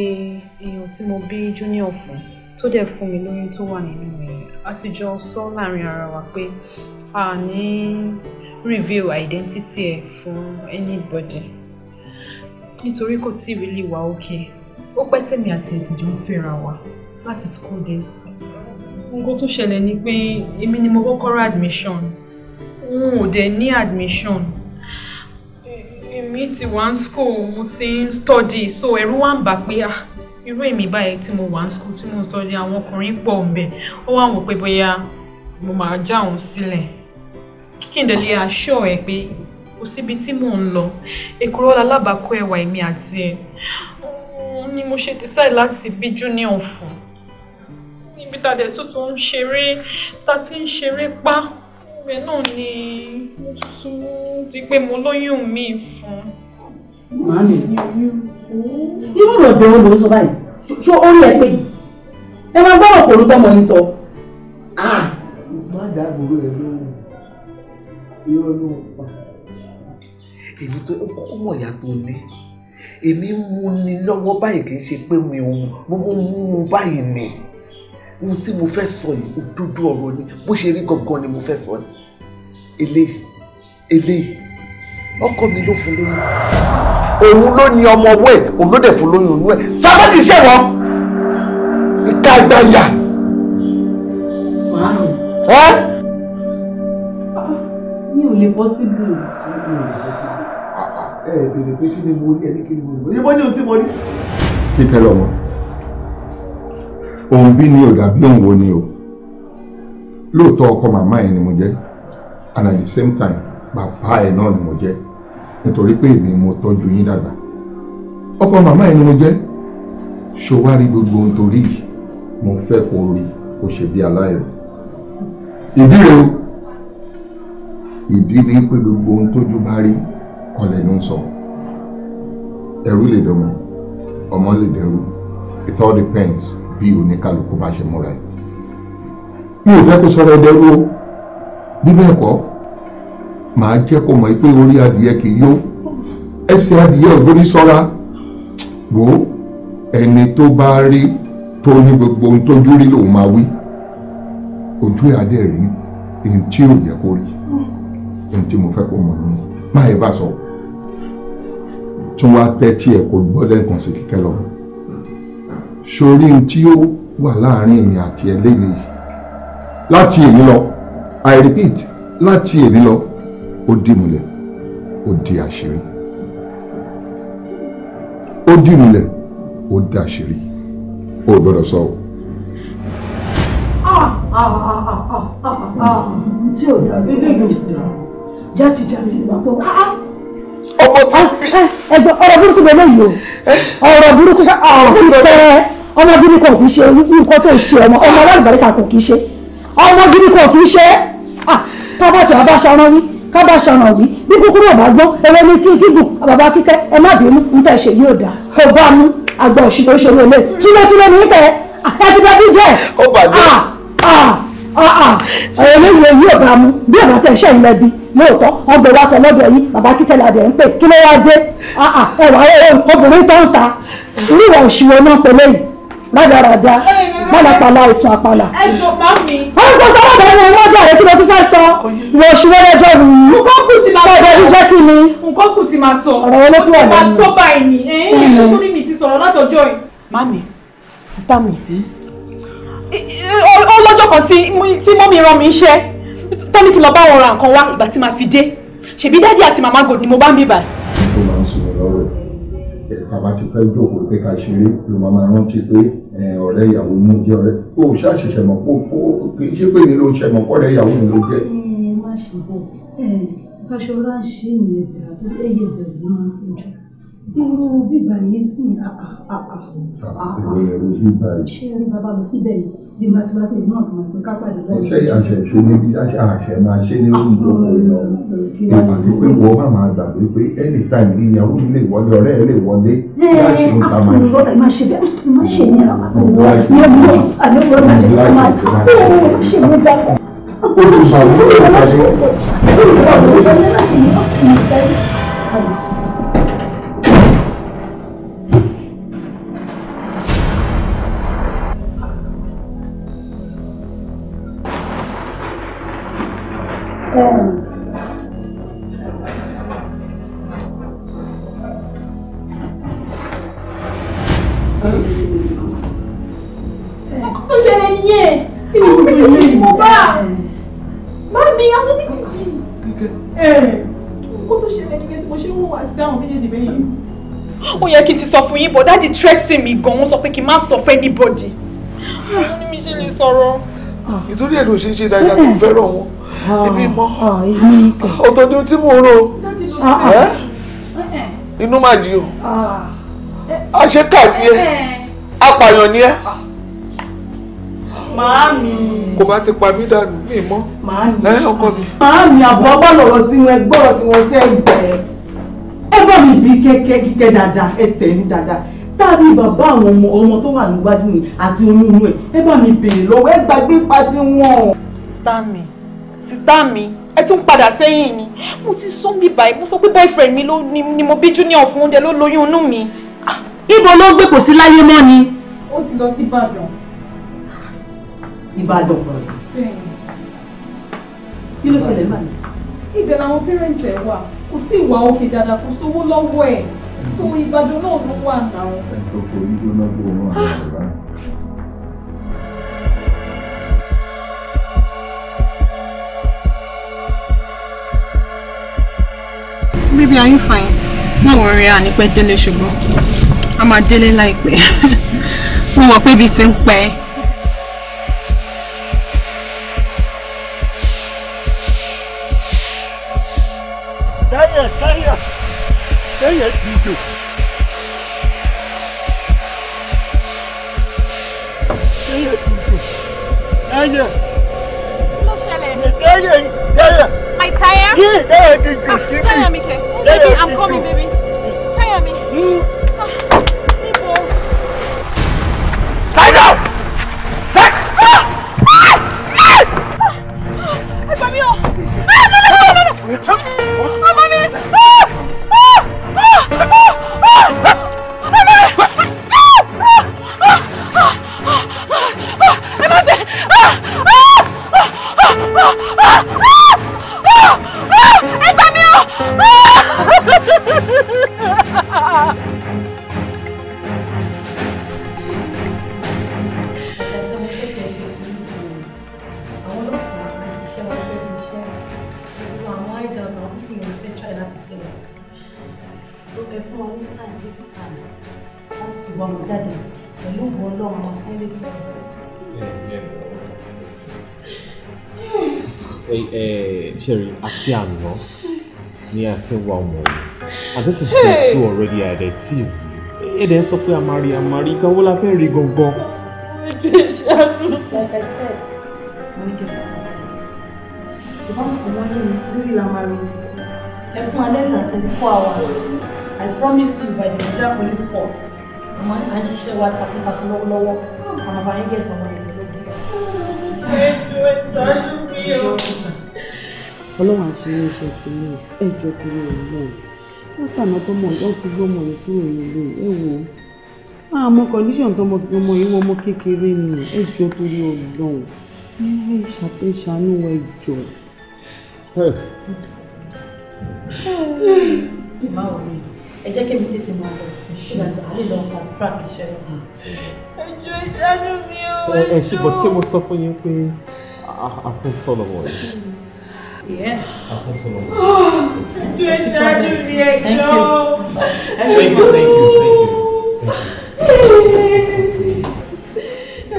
èèyàn tí mo bí junior fún tó dẹ̀ fún mi lóyún tó wà nínú mi àtijọ́ sọ láàrin ara wa pé a ní reveal identity ẹ̀ fún anybody nítorí kò tí ì rí lè wà òkè ó pẹ́ tèmi àti ètìjọ́ ń fẹ́ra wa láti school days. nǹkan tó ṣẹlẹ̀ ni pé èmi ni mo kọ́kọ́ ra admission n ò dẹ̀ ní admission èmi ti wà ní school mo ti ń study so ẹ̀rù wà ń bà pé ah irú èmi báyìí tí mo wà ní school tí mo ń study àwọn ọkùnrin pọ̀ ń ó wà wọ́n pé bóyá mo máa já òun sílẹ̀ kí kí n dẹ̀ lè assure ẹ pé kò síbi tí mò ń lọ èkúrò alábàákọ ẹwà èmi àti ẹ ni mo ṣe decide láti bíjú ní ọ̀fun níbi tá a dẹ̀ tuntun ń ṣeré tá a ti ń ṣeré pa ibẹ̀ náà ni mo tuntun di pé mo lóyún mi fún. màámi irú ọ̀rọ̀ bẹ̀rù ló ń sọ báyìí ṣó orí ẹ pé ẹ máa gbọ́dọ̀ kò ló tọ́mọ yín sọ. Ah! má dàgbò rẹ̀ lóhùn irọ́ lóhùn èyí tó ó kọ́kọ́ mọ̀ ìyá tó ní èmi mú ni lọ́wọ́ báyìí kì í ṣe pé mi ò mú mú mú báyìí ni ohun tí mo fẹ́ sọ yìí òdodo ọ̀rọ̀ ni bó ṣe rí gangan ni mo fẹ́ sọ yìí èlé èlé ọkọ mi ló fún lóyún òun ló ní ọmọ ọwọ́ ẹ̀ òun ló dẹ̀ fún lóyún òun ẹ̀ sábà kì í ṣe wọ́n ìka ìgbàyà. màámi. Ah, mi ò lè bọ́ síbù. mi ò lè bọ́ ẹ bèrè pé kí ni mo rí ẹ ní kí ni mo rí ìbọn ní ohun tí mo rí. kíkẹ́ lọ́mọ òun bí ni o dàbí òun wo ni o lóòótọ́ ọkọ màmá ẹ ni mo jẹ́ and at the same time bàbá ẹ náà ni mo jẹ́ nítorí pé èmi mo tọ́jú yín dàgbà ọkọ màmá ẹ ni mo jẹ́ ṣòwárí gbogbo ohun torí yìí mo fẹ́ kó rí kó ṣe bí aláìrò ìdí o ìdí ni pé gbogbo ohun tójú bá rí wọn lè ní sọ ẹrú lè dọmọ ọmọ lè dẹrú it all depends bí oníkálukú bá ṣe múra ẹ mi ò fẹ́ kó sọ̀rọ̀ ẹdẹrú o bí bẹ́ẹ̀ kọ́ màá jẹ́ kó mọ̀ pé orí adìyẹ kì í yó ẹsẹ̀ adìyẹ ògbóni sọ́ra wò ó ẹni tó bá rí tó ní gbogbo ohun tójú rí lòun máa wí ojú ẹ̀ adé rí ohun tí ò yẹ kó rí ohun tí mo fẹ́ kó mọ̀ nìyẹn má yẹ bá sọ̀rọ̀ tún wá tẹ́tí ẹ̀ kò gbọ́ lẹ́ǹkan sí kíkẹ́ lọ. sórí ohun tí ó wà láàrin èmi àti ẹ lẹ́yìn yìí láti èmi lọ i repeat láti èmi lọ ó di múlẹ̀ ó di àṣírí ó di múlẹ̀ ó di àṣírí ó gbọ́dọ̀ sọ o. Ah, ah, ah, tí ò dàbí ilé ìlú ìjà játijàti ìgbà tó. ọmọ tí ẹgbẹ́ ọ̀rọ̀ burúkú bẹ̀rẹ̀ yìí o ọ̀rọ̀ burúkú ìfẹ́ ọmọ gidi kan kì í ṣe nǹkan tó ṣe ọmọ ọmọ alábàárẹ̀ kan kì í ṣe ọmọ gidi kan kì í ṣe kábàtì abáṣarán wí kábàṣarán wí bí kúkúrú ọ̀bá gbọ́ ẹ̀rọ ní kí gígùn àbàbà kíkẹ́ ẹ má bínú níta ìṣe yóò dáa ọba mú àgbà òṣì ló ṣe ní ilé túlẹ̀túlẹ̀ ní tẹ̀ ẹ ti bá bí jẹ́ ẹ̀ ẹ̀rọ ní ìwé yóò bá mú bí ọ̀bá tẹ̀ ṣẹ́yìn lẹ́bi lóòótọ́ wọ́n gbé wá tọ́lọ́dọ̀ yìí bàbá kíkẹ́lá dẹ̀ ń pè kí ló wá dé ah, ah, ẹwà obìnrin tó ń ta irú ìwà òṣìwọ́ náà pẹ̀lẹ́ yìí rádaràda pálapàla ìsun àpàlà. ẹ jọ bá mi. ó ń kó sọ́wọ́ bẹ̀rẹ̀ wọn wọ́n jàre kí ló tún fẹ́ sọ ìwà òṣìwọ́ lọ́jọ́ rù ú. nǹkan kù ti máa sọ ọ̀rọ̀ ẹni jẹ́ kí ni. nǹkan kù ti máa sọ ọ̀rọ̀ ẹni tí wà lẹ́nu. máa tọ́ni kí lọ bá wọn ra nǹkan wá ìgbà tí màá fi dé ṣèbí dádì àti màmá gòdì ni mo bá ń bíbà. ó máa ń sọ̀rọ̀ lọ́rọ̀ ẹ̀ tàbá ti fẹ́ jókòó pé ká ṣeré ló máa máa rántí pé ọ̀rẹ́ ìyàwó inú jẹ́ ọ̀rẹ́ ó ṣàṣẹ̀ṣẹ̀ mọ̀ pé kì í ṣe pé mi ló ń ṣẹ̀mọ̀ kọ́rẹ́ ìyàwó mi ló jẹ́. ẹ má ṣe bẹ́ẹ̀ ẹ rí bàbá bí iṣẹ́ àṣẹ ṣe níbi àṣẹ àṣẹ máa ṣe ní orí ìdókòwò lọ ìwà wípé wọ́n má máa gbà wípé anytime ní ìyàwó mi lè wọlé ọ̀rẹ́ ẹ lè wọlé láṣẹ òǹkà máa ṣe. ẹ má ṣe bẹ́ẹ̀ ẹ má ṣe ní àwọn àgbẹ̀wò àdéhùn àdéhùn àdéhùn àdéhùn àdéhùn Olùsàwọ̀ ló ń bá ṣe. tó ṣẹlẹ̀ nìyẹn kí ni mo bí ti mo bá má mi àwọn méjèèjì kó tó ṣẹlẹ̀ nìyẹn tí mo ṣe ń wò wá sí àwọn méjèèjì bẹ́yẹn. gan-an sọ pé kí n má sọ fún anybody. Ah, mo ní mi ṣe lè sọ̀rọ̀ ìtorí ah. ẹ̀ ló ṣe ṣe dáadáa tó fẹ́ràn wọn ah. èmi mọ́ ah, ọ̀tọ̀ ni tí mò ń rò eh, eh. inú máa jí o àṣekà ni ẹ eh, apààyàn ni ẹ. Màámi. Kò bá ti pa mí dànù mí mọ́. Màámi. Lẹ́yìn ọkọ mi. Màámi àbọ̀ ọgbà lọ̀rọ̀ tí wọ́n gbọ́rọ̀ tí wọ́n ṣe ń bẹ̀. Ẹ bọ̀ mi bí kẹ́kẹ́ kíkẹ́ dáadáa, ẹ tẹ̀ mí dáadáa tàbí bàbá àwọn ọmọ ọmọ tó wà níwájú mi àti oyún inú ẹ̀ ẹ bá mi béèrè lọ́wọ́ ẹ gbàgbé pa ti wọn. sítá mi sítá mi ẹ tún padà sẹ́yìn ni mo ti sọ mi báyìí mo sọ pé boyfriend mi ni mo bí junior fún oúnjẹ ló lóyún inú mi. Ah, ibo ló gbé kò sí láyé mọ́ ni. ó ti lọ sí ìbàdàn. ìbàdàn bẹ́ẹ̀ ni kí ló ṣẹlẹ̀ báyìí. ibẹ̀ làwọn pẹ́rẹ́ǹtì ẹ̀ wà kò tí ì wà òkè dáadáa kò sówó lọ́wọ́ ẹ̀ kò ìbàdàn náà ló wà náà. ẹ̀sọ́ kò ní jóná Baby, are you fine? Mo wọ̀ rí ànípẹ́ délé ṣùgbọ́n a máa délé láìpẹ́. Mo mọ̀ pé ibi ti ń pẹ́. Daniel, carry ẹ̀yẹ dìjò. ẹ̀yẹ dìjò ẹ̀yẹ. ló ṣẹlẹ̀. ẹ̀yẹ ẹ̀yẹ. my tire. Yeah, ẹ̀yẹ dìjò kí tire mi kẹ. baby i'm coming baby. tire mi. níbo. ṣáìdọ̀. ẹgbẹ́ mi o. Ah, ẹ gbà mí o. dókítà mi láti fi wá wọn jáde Sherry, àti àná ni àti And this is day two already àdẹ̀ tí ìwú. Èdè sọ pé àmàrí àmàrí ìgbàwó la fẹ́ rí gangan. Like I said, mo ní kẹfà. Ṣùgbọ́n mo kàn wọ́n ní ìrírí làmàrí. Ẹ fún alẹ́ ìgbà twenty four hours. I promise you by the Nigeria police force àmọ́ à ń ṣiṣẹ́ wa takuntakun lọ́wọ́lọ́wọ́ àwọn àbáyé gẹ̀ tán wọn ọlọ́run àṣírí iṣẹ́ ti ní ẹjọ́ kúrò ọlọ́run látàná tọmọ ọ̀dọ́ ti gbọ́ ọmọ rẹ̀ kúrò nílé ẹ wò ó àmọ́ kọ́ndíṣọ̀n tọmọ ọmọ yìí wọ́n ọmọ kékeré ni ẹjọ́ torí ọlọ́run ẹ ṣàtẹ̀sánú ẹjọ́. báwo ni ẹ jẹ́ kí mi tètè máa lọ ṣùgbọ́n àlè lọ fast track iṣẹ́ náà. Hmm. ẹjọ́ ìṣàánú mi ò ẹjọ́. ẹ ṣe bọ̀ tí mo sọ fún yín pé àkóńtọ́ lọ́wọ́ yìí. àkóńtọ́ lọ́wọ́ yìí. ẹjọ́ ìṣàánú mi ẹjọ́. thank you thank you thank you.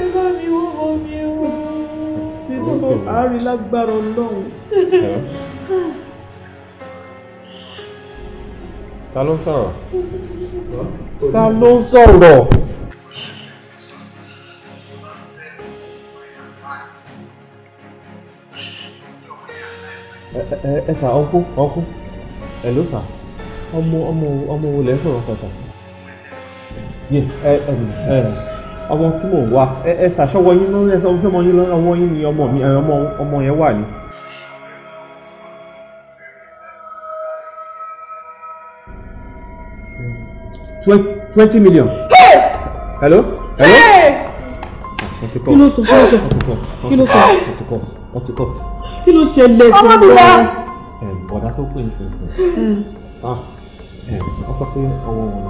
ẹ bá mi wọ́n mọ́ mi o. nínú àárín lágbára ọlọ́run. ta ló ń sọ̀rọ̀ ta ló ń sọ̀rọ̀. ẹ sà ọkú ọkú ẹ ló sà ọmọ ọmọ ọmọ wo lẹ sọ̀rọ̀ kan sà ẹ ẹ ọmọ tí mò ń wá ẹ sà ṣọwọ yín lórí ẹ sọ fún ọmọ yín lọ́wọ́ yín ni ọmọ mi ọmọ ọmọ yẹn wà ní. twenty million. Hey! hello. hello. wọ́n ti cut wọ́n ti cut wọ́n ti cut wọ́n ti cut. kí ló ṣẹlẹ̀ sí ọmọ mi wá. bọ̀dá tó pè é sísìn wọ́n sọ pé ọwọ́ wọn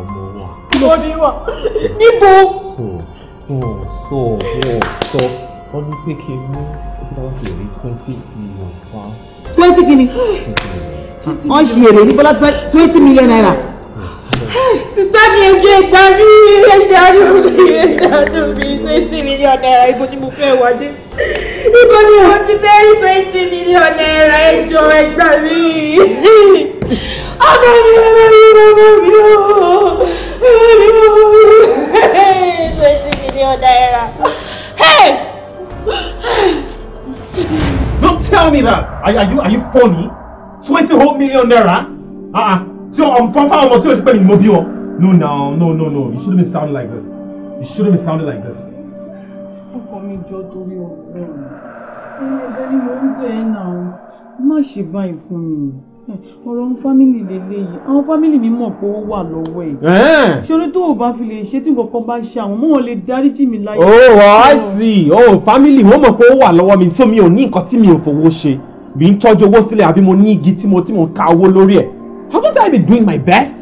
ọmọ wa. mo ní wa níbo. wọ́n sọ wọ́n sọ wọ́n ní pé kí n mú bọ́lá ti rí twenty million wá. twenty kìíní wọ́n ṣe èrè ní bọ́lá twenty million naira sista mi ẹgbẹ́ ẹgbà mi ẹ ṣàánú mi ẹ ṣàánú mi twenty million naira ibo ni mo fẹ́ wọlé ibo ni mo ti fẹ́ twenty million naira ẹjọ ẹgbà mi ọmọ mi ọmọ mi ọmọ mi ọmọ mi ọmọ mi twenty million naira. Don't tell me that. Are, are you are you funny? Twenty whole million naira? Uh-uh. So I'm from fáwọn ọmọ tí o ṣe pé no no no no you shouldn't be sounding like this you shouldn't be sounding like this. ọkọ mi jọ torí ọgbọ́n ẹni ẹgbẹ́ ni mo ń bẹ̀ ẹ́ náà má ṣe báyìí fún mi ọ̀rọ̀ àwọn fámìlì lélẹ́yìí àwọn fámìlì mi mọ̀ pé ó wà lọ́wọ́ ẹ̀. ṣorí tó o bá fi lè ṣe tí kankan bá ṣe àwọn mọ́ lè dáríjì mi láyé. oh i see oh fámìlì wọ́n mọ̀ pé ó wà lọ́wọ́ mi so mi ò ní nǹkan tí mi ò fowó ṣe bí n tọ́jú owó sílẹ̀ àbí mo ní igi tí mo tí mo ká owó lórí ẹ̀ haven't I been doing my best?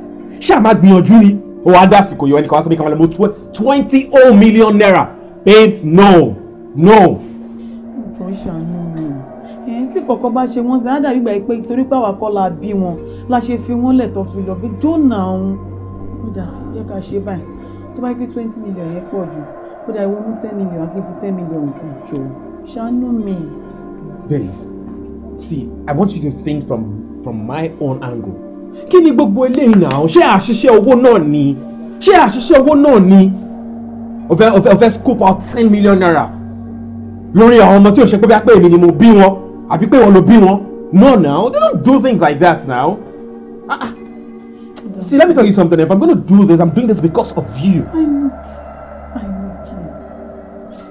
ṣé àmà gbìyànjú ni? ó wá dásìkò yọ ẹnìkan wá sọ pé kàmá lè mú twenty oh million naira babes no no. ìjọ ìṣàánú mi ẹni tí kọ̀ọ̀kan bá ṣe wọ́n sí ádàbí ìgbà pé torí pé àwa kọ́ la bí wọn la ṣe fi wọ́n lẹ̀tọ́ fi lọ pé jóná òun kódà jẹ́ ká ṣe báyìí tó bá yẹ pé twenty million yẹn pọ̀ jù kódà ìwọ mú ten million àti fi ten million kù jọ ṣàánú mi. babes see i want you to think from from my own angle kí ni gbogbo eléyìí náà ṣé àṣìṣe owó náà ni ṣé àṣìṣe owó náà ni o fẹ́ o scoop out ten million naira lórí àwọn ọmọ tí o ṣe pé bí a pé èmi ni mo bí wọn àbí pé wọn ló bí wọn no now they don't do things like that now ah ah see let me tell you something if i'm gonna do this i'm doing this because of you. I know. I know. Please.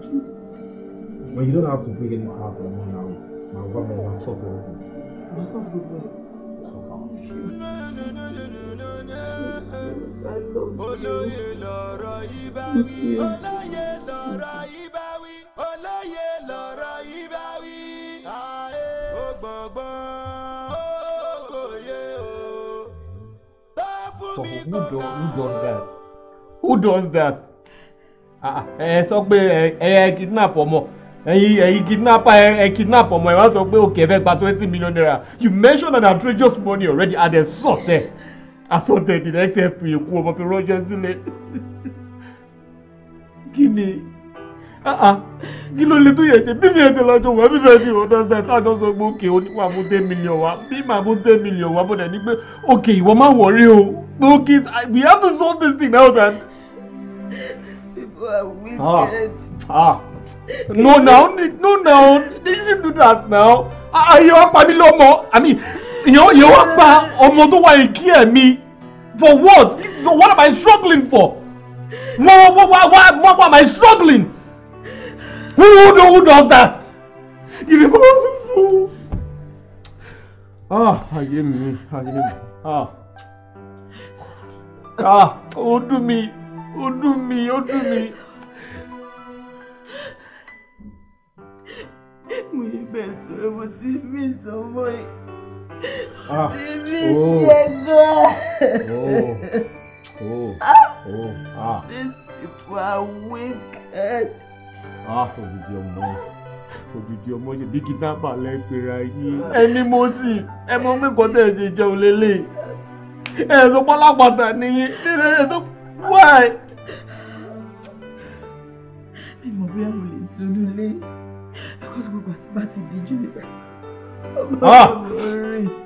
Please. Well, you don't have to bring any part of the money out. My grandma has sorted. everything. Must not go bá lọ̀rọ̀ yìí bá wí olóyè lọ̀rọ̀ yìí bá wí olóyè lọ̀rọ̀ yìí bá wí. ààyè ó gbọ̀ngbọ̀n ó o. tó fún mi kọ́kọ́. who does that? who does that? ẹ sọ pé ẹ ẹ kidnap ọmọ ẹyin ẹyin kidnapper ẹ kidnap ọmọ ẹ wá sọ pé òkè ẹ fẹ́ gba twenty million naira you mentioned an outrageous money already and ẹ sort tẹ asọ̀tẹ̀dì lẹ́sẹ̀ fi èkó ọmọ fi ránṣẹ́ sílẹ̀ kí ni kí ló lè tún yẹ ṣe bí mi ẹ ti lọ jọ wọ́n bíbẹ̀ ni òun náà tá a jọ sọ pé òkè oníwà mú dé mílíọ̀n wá bí màá mú dé mílíọ̀n wá bọ̀dẹ̀ ni pé òkè ìwọ má wọ̀rí o pé òkè we have to solve this thing now then. Ah. Ah. no now no now Did you do that now. ayé ah, ah, wa pa mí lọ́mọ i mean. You you You're, you're about Omoduwa Ikie me. For what? For what am I struggling for? What, what, what, what, what, am I struggling? Who, who, who does that? You was a fool. Ah, ayé mi, ayé mi. Ah. Ah, ó dùn mí, ó dùn mí, ó dùn mí. Mo yẹ bẹ̀rẹ̀ sọ̀rọ̀ mo ti mí ìsọ̀mọ́ yìí. Bébí yẹ gan. Oh, oh, ah. These people are wicked. Ah, ògidì ọmọ ògidì ọmọ yẹn bí kidnapper lẹ́pẹ̀rẹ̀ ayé. Ẹni mo ti ẹ mọ mẹ́kọ̀ọ́ tẹ̀ ṣe jẹun lélẹ̀. Ẹ sọ pálápàtà nìyí. Ẹ sọ wáì. Mi mọ̀ bí àwọn lè sunú lé. Ẹ̀kọ́ tó gbogbo àti bá ti díjú ah, Ọmọ mi ò rí.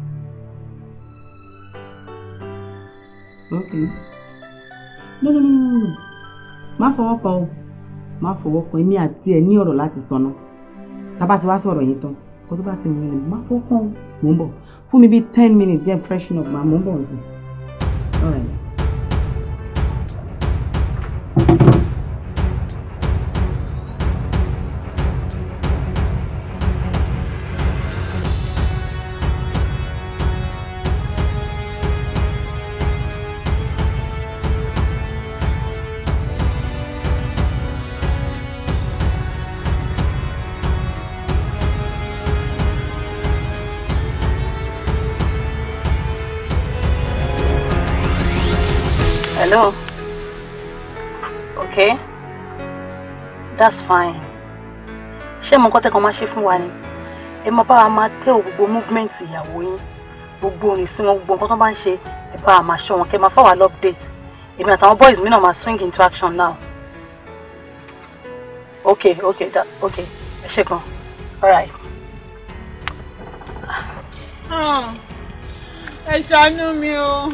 ok no no no no no má fọwọ́ pa o má fọwọ́ kan èmi àti ẹ̀ ní ọ̀rọ̀ láti sọnà tábà ti wá sọ̀rọ̀ yìí tán kó tó bá ti wọlé má fọwọ́ kan o mò ń bọ̀ fún mi bíi ten minutes jẹ́ freshen up mà mò ń bọ̀ ọ̀sìn. that's fine ṣé mo kọ́ tẹ́kọ̀ máa ṣe fún wa ni ẹ máa bá wa máa tẹ́ ò gbogbo movement ìyàwó yín gbogbo orin sí wọn gbogbo nǹkan tó bá ń ṣe ẹ bá wa máa ṣọ́ wọn kẹ́ máa fáwọn update èmi àtàwọn boys mi náà máa swing into action now ok ok that ok ẹ ṣe kan alright. Hmm. ẹ ṣàánú mi o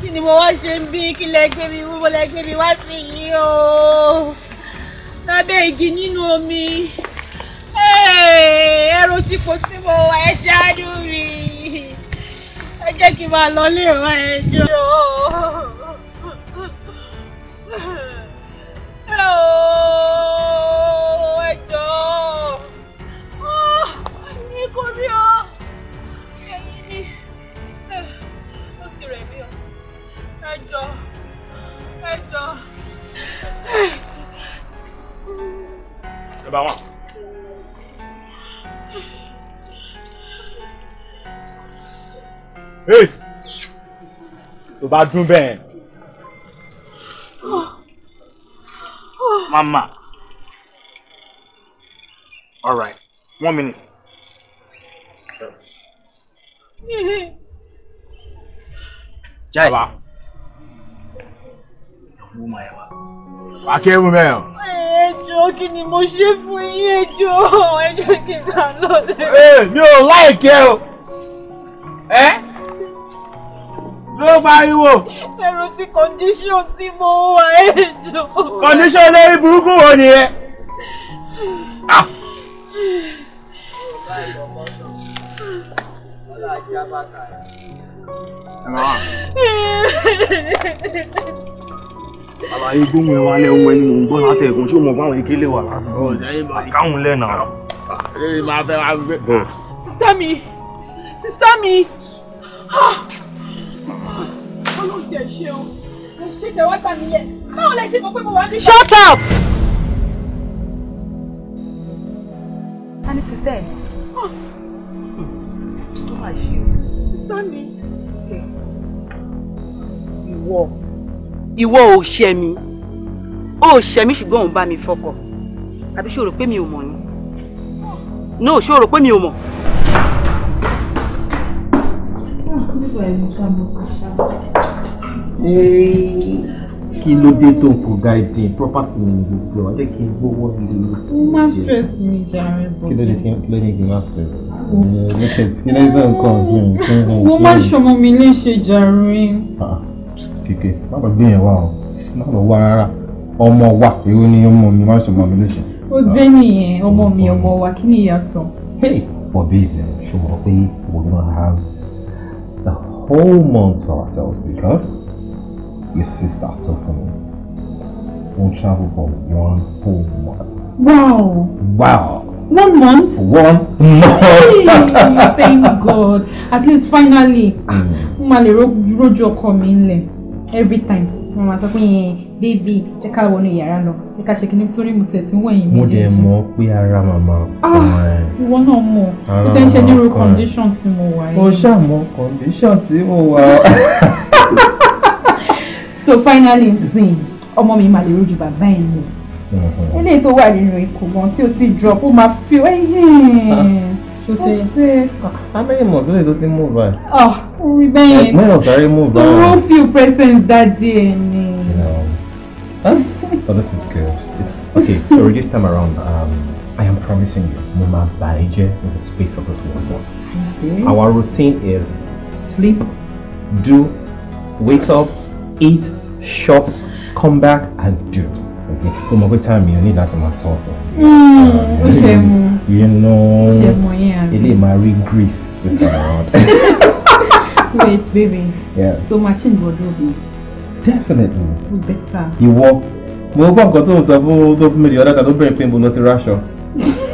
kí ni mo wá ṣe ń bí kí lẹ gbé mi wúwo lẹ gbé mi wá sí yìí o lábẹ́ igi nínú omi ẹ̀rọ tí kò tí mo wà ẹ ṣáájú mi ẹ jẹ́ kí n máa lọ lè rán ẹ Oh. number one. Hey! Tó bá dún bẹ́ẹ̀. Mama. All right. One minute. Jai. Baba. Who am I? Wà á kí ẹjọ́ kí ni mo ṣe fún yín ẹjọ́ ẹjọ́ kí n bá lọ lẹ. ee mi ò láìkẹ́ o ẹ ló bá yíwò. ẹ̀rù ti condition tí mo wà ẹjọ́. condition lórí burúkú wo nìyẹn. Ẹ máa wà. bàbá yìí gbóhùn ẹwà lẹ ohun ẹni mò ń gbọ́ látẹ̀gùn ṣé o mọ̀ fáwọn ìkélé wà lágbègbè àkáhùn lẹ́nà. sista mi sista mi olóòjẹ ah! ṣe o ẹ ṣe báwo lẹ ṣe mọ̀ pé mo wà ní. shut up. ta ni sista ẹ. Ah! ó mà ṣe o. sista mi. ìwọ ìwọ ò ṣẹ̀ mí ó ṣẹ̀ mí ṣùgbọ́n òun bá mi fọkọ àbí ṣòro pé mi ò mọ̀ ni no ṣòro pé mi ò mọ̀. kí ló dé tó ń kó gáìdì property mi ní gbogbo ọ jẹ́ kí n gbówó mi lè lò. ó máa stress mi jàre bọ̀. kí ló dé kí ló ní kí n máa stress. mo máa ń ṣọmọ mi léṣe jàre. Ah kéke má lọ gbé yẹn wá o má lọ wá rárá ọmọ wa èwo ni ọmọ mi má ṣe mọ mi ó dé nìyẹn ọmọ mi ọmọ wa kí ni ìyàtọ̀. bọ̀bí ìdè ṣùgbọ́n pé we will have the whole month to ourselves because your sister took for me won't travel for one whole month. wow. wow. One month. One month. Hey, thank God. At least finally. Mm. Mo máa lè rojú coming mi every time wọn máa sọ pé yẹn bébì ẹ ká wọnú yàrá lọ ẹ ká ṣe kí ní torí mo tẹ̀ tí ń wẹ̀yìn méjèèjì. mo dẹ̀ mọ̀ pé ara màmá kan ah, ẹ̀. ìwọ náà mọ̀ mo tẹ́ ń ṣe nírú condition tí mo wà yìí. mo ṣàmọ̀ condition tí mo wà. so finally nsìn ọmọ mi máa lè rojú bàbá ẹ̀ lọ. eléyìí tó wà nínú ikùn gan tí o ti drop ó máa fi ẹ́ tó how many months ló lè tó ti move by. ọ ah, orí bẹ́ẹ̀ yẹn mẹ́rin ọ̀sáré move by. oru few presents that day ni. but oh, this is good okay so this time around um, I am promising you mo máa in the space of this one month. our routine is sleep do wake up eat shop come back and do. okay o my good time yẹn ní láti máa tọ́ ọ̀pọ̀. Mm, ó you know ó ṣe mú yín àná grace with my heart. wait baby yeah. so machine wardrobe mi. definitely. It's better. ìwọ mo gbọ́ nǹkan tó ń sọ fún tó fún mi di ọ̀dọ́ta tó bẹ̀rẹ̀ pé mo lọ ti ráṣọ.